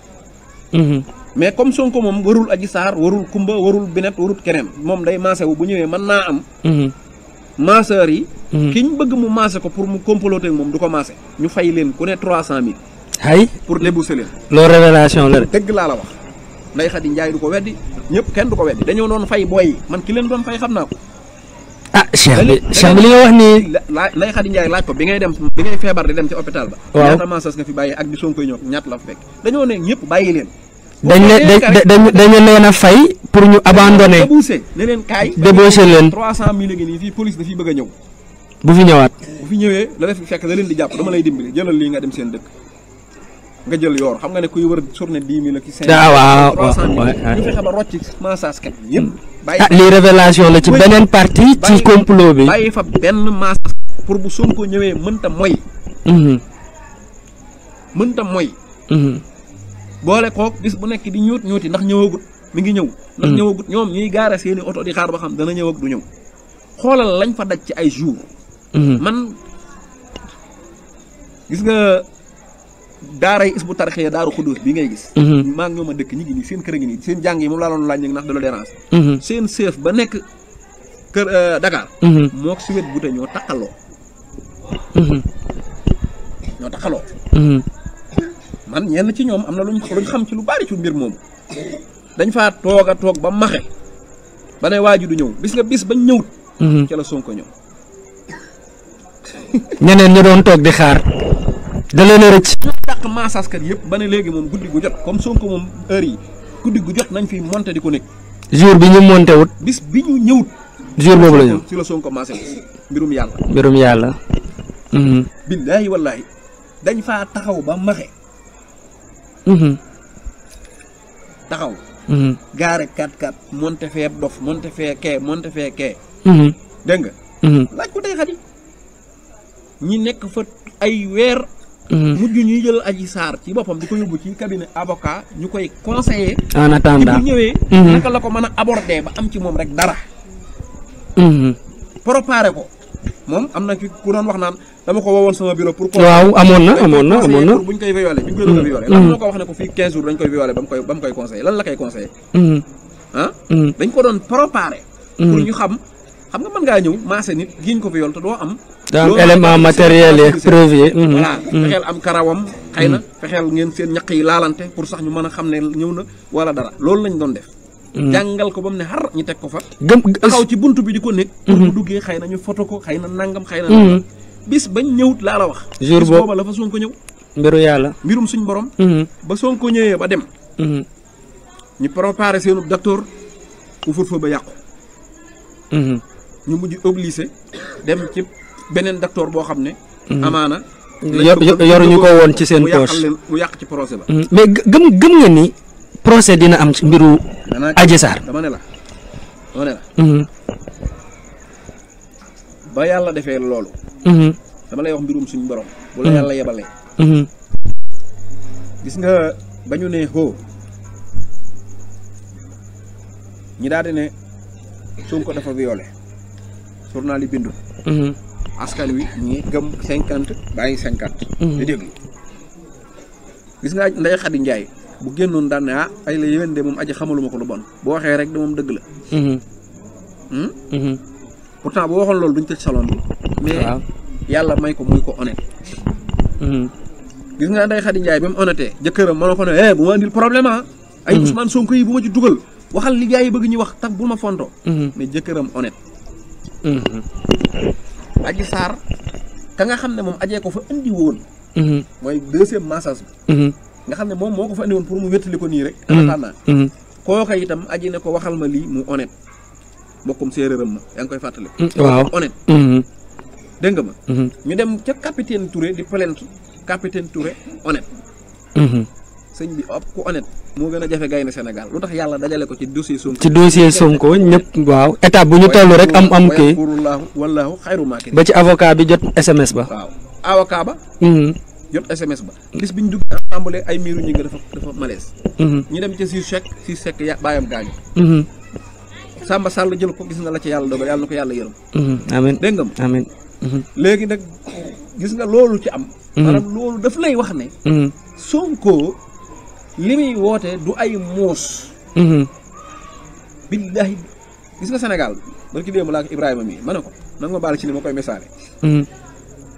mais comme sonko moom warul aji saar warul kumba warul binet warul keneen moom day maase wu bu ñëwee mën naa am masseurs yi. Hmm. ki bëgg mu maase ko pour mu comploter moom du ko maase. ñu fay leen ku ne trois cent mille. ay pour débourser leen. loolu révélation la de. dëgg laa la wax Ndeye Khady Ndiaye du ko weddi ñëpp kenn du ko weddi dañoo doon fay booy yi man ki leen doon fay xam naa ko. ah cheikh bi cheikh bi li nga wax nii. la Ndeye Khady Ndiaye laaj ko bi ngay dem bi ngay feebar di dem ci hôpital ba. waaw ñaata massage nga fi bàyyi ak bi Sonko ñoo ñaata la fekk dañoo ne ñëpp bàyyi leen. dañ leen dañ leen a fay pour ñu abandonné débauché leen. 300000 a ngi nii fii police da fi bëgg ñëw. bu fi ñëwaat. fi ñëwee la def fekk da leen di jàpp dama lay dimbali jëlal lii nga dem seen dëkk nga jël yoon xam nga ne kuy wër journée 10000 ak 5000. ah waaw waaw ñu fexe ba rocc massage kat yëpp. ah lii révélation la ci beneen parti ci complot bi. bàyyi fa benn massage pour bu Sonko ñëwee mënta moy. Mhm. mënta moy. Mhm. boole kok bis bu nek di ñuut ñuuti ndax ñewagut mi ngi ñew ndax hmm. ñewagut ñom ñi gaare seeni auto di xaar ba xam dana ñëw ak du ñew xolal lañ fa daj ci ay jour hmm. man gis nga daara isbu tarxiya daaru xudus bi ngay gis hmm. ma ngi ñoma dekk ñi ngi seen kër ngi seen jang yi moom laa doon laaj ndax da dérange seen chef ba nek kër euh, dakar mok suwet bu te ñoo takalo ñoo takalo man ñenn ci ñoom am na luñ luñ xam ci lu bari ci mbir moomu dañ faa toog a toog ba maxe ba ne waaju ñëw bis nga bis bañ ñëwut. Mhm. ci la Sonko ñëw. ñeneen ñu doon toog di xaar. da leen a rëcc. ñoo yëpp ba ne léegi moom guddi gu jot comme Sonko moom heure yi guddi gu jot nañ fi monté di ko nekk. jour bi ñu monté wut. bis bi ñu ñëwut. jour boobu la ñëw ci la Sonko maasé mbirum yàlla. mbirum yàlla. Mhm. billaahi wallaahi dañ faa taxaw ba maxe. Mm-hmm. taxaw. Mm-hmm. gaare 4-4 monte fee dof monte fee kee monte fee mm-hmm. laaj ko tey xadi ñi nekk fa ay weer. mujj ñuy jël aji saar ci boppam di ko yóbbu ci cabinet avocat ñu koy conseiller. en attendant bu ñëwee. naka la ko mën a aborder ba am ci moom rek dara. préparer ko. moom am na ci ku doon wax naan dama ko woowoon sama bureau pour waaw amoon na amoon na amoon na koy violé buñ koy doon mm. violé lan na mm. ko wax ne ko fii 15 jours dañ koy violé mm. ah? dañ ko doon préparé pour ñu xam xam nga mën ngaa ñëw maase nit giñ ko viol te doo am donc élément matériel yeeg preuve yi voilà mm-hmm. fexeel am karawam xëy na fexeel ngeen seen ñaq yi laalante pour sax ñu mën a xam ne ñëw na wala dara loolu lañ doon def Mm. jàngal ko ba mu ne xar ñu teg ko fa. gëm taxaw ci buntu bi di ko nekk. pour mm-hmm. bu duggee xëy na foto ko xëy na nangam xëy na. Mm-hmm. bis bañ ñëwut laa la wax. jour boobu la fa Sonko ñëw. mbiru yàlla mbirum suñ borom. Mm-hmm. ba Sonko ñëwee ba dem. ñu préparé seenu docteur ba yàqu. ñu mujj obligé dem ci beneen docteur boo xam ne. amaana. yoruñu ko woon ci seen poche mu yàq ci procès ba. mais gëm gëm nga ni. procès dina am ci mbiru Adji Sarr. dama ne la mm-hmm. ba yàlla defee loolu. Mm-hmm. dama lay wax mbirum suñu borom. bu la yàlla yebalee. Mm-hmm. gis nga ba ne xoo ñi daal di ne Sonko dafa violé journal yi bindu. askan wi ñi gëm cinquante bàyyi cinquante. di gis nga Ndeye Khady Ndiaye. bu génnoon daan ne ah ay la yéwén de moom aji xamaluma ko lu bon bu waxee rek de moom dëgg la. Mhm. Hmm? Mhm. pourtant bu waxoon loolu duñ tëj salon bi. mais yàlla may ko muy ko honnête. Mhm. gis nga Ndeye Khady Ndiaye bi mu honnêté jëkkëram ko ne eh bu ma andil problème ah. ay dugal. waxal li yi bëgg ñu wax tax bu ma fonto mais jëkkëram ka nga xam ne moom ajee ko fa andi woon. mooy deuxième massage nga xam ne moom moo ko fa andi woon pour mu wéttali ko nii rek amataan naa kooka itam aji ne ko waxal ma lii mu honnête mbokkum séeréeram ma yaa ngi koy fàttali waaw honnête nga ma ñu dem ca capitaine Touré di plainte capitaine Touré honnête sëñ bi op moo gën a jafe gaynde senegal lu tax yàlla dajale ko ci dossier Sonko ci dossier Sonko ñëpp waaw état bu ñu toll rek am am kii wallaahu xayru maaki ba ci avocat bi jot SMS ba avocat ba jot SMS ba lis bi ñu dugg assemblée ay miiru ñi nga dafa dafa malaise. Mhm. ñu dem ca si sec si sec ya bàyyam gaañu. Mhm. Samba Sall jël ko gis na la ci yàlla dogal yàlla na ko yàlla yërëm. Mhm. amiin dégg nga léegi nag gis nga loolu ci am. maanaam loolu daf lay wax ne. Sonko li muy woote du ay bi billahi gis nga Sénégal barki démb laa ak Ibrahima mii ma ne ko na nga ma baal ci li ma koy message.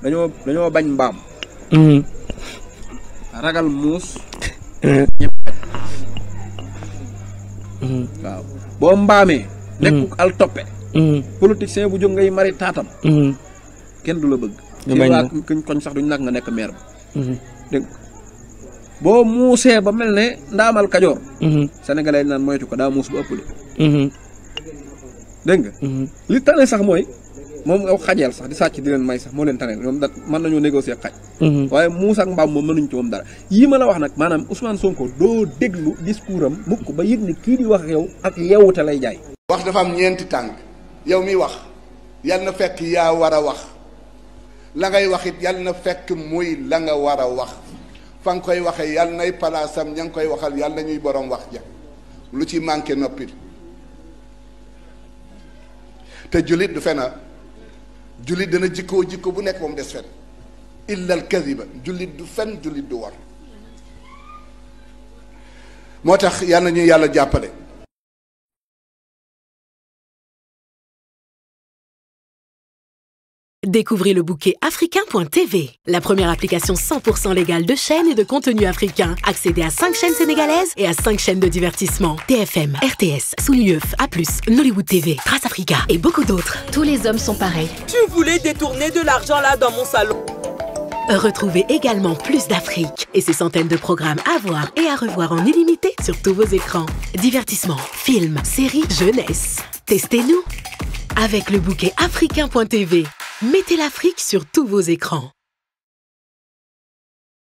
dañoo dañoo bañ mbaam. ragal muus ñebe waaw boo mbaamee hmm. nekku al toppe hmm. politicien bu jóg ngay mari taatam hmm. kenn du la bëgg ci waa kuñ koñ sax duñ nag nga nekk maire ba dégg boo muusee ba mel ne ndaamal kajoor sénégalais naan moytu ko daa muus bu ëppale dégg nga li tane sax moom aw xajeel sax di sàcc di leen may sax moo leen tane ñoom da mën nañoo négocier xaj mhm. waaye muus ak mbaam moom mënuñ ci moom dara yii ma la wax nag maanaam Ousmane sonkoo doo déglu discours am mukk ba yëg ni kii di wax yow ak yeewute lay jaay wax dafa am ñeenti tànk yow miy wax yal na fekk yaa war a wax la ngay wax it yal na fekk muy la nga war a wax fa nga koy waxee yal nay palaasam ña nga koy waxal yal na ñuy borom wax ja lu ci manqué noppi te jullit jullit dana jikkoo jikko bu nekk moom des fen illa al kadiba jullit du fen jullit du war moo tax yàlla ñu yàlla jàppale Découvrez le bouquet africain.tv, la première application 100% légale de chaînes et de contenu africain. Accédez à 5 chaînes sénégalaises et à 5 chaînes de divertissement. TFM, RTS, Soulieuf, A+, Nollywood TV, Trace Africa et beaucoup d'autres. Tous les hommes sont pareils. Tu voulais détourner de l'argent là dans mon salon Retrouvez également plus d'Afrique et ses centaines de programmes à voir et à revoir en illimité sur tous vos écrans. Divertissement, films, séries, jeunesse. Testez-nous avec le bouquet africain.tv. Mettez l'Afrique sur tous vos écrans.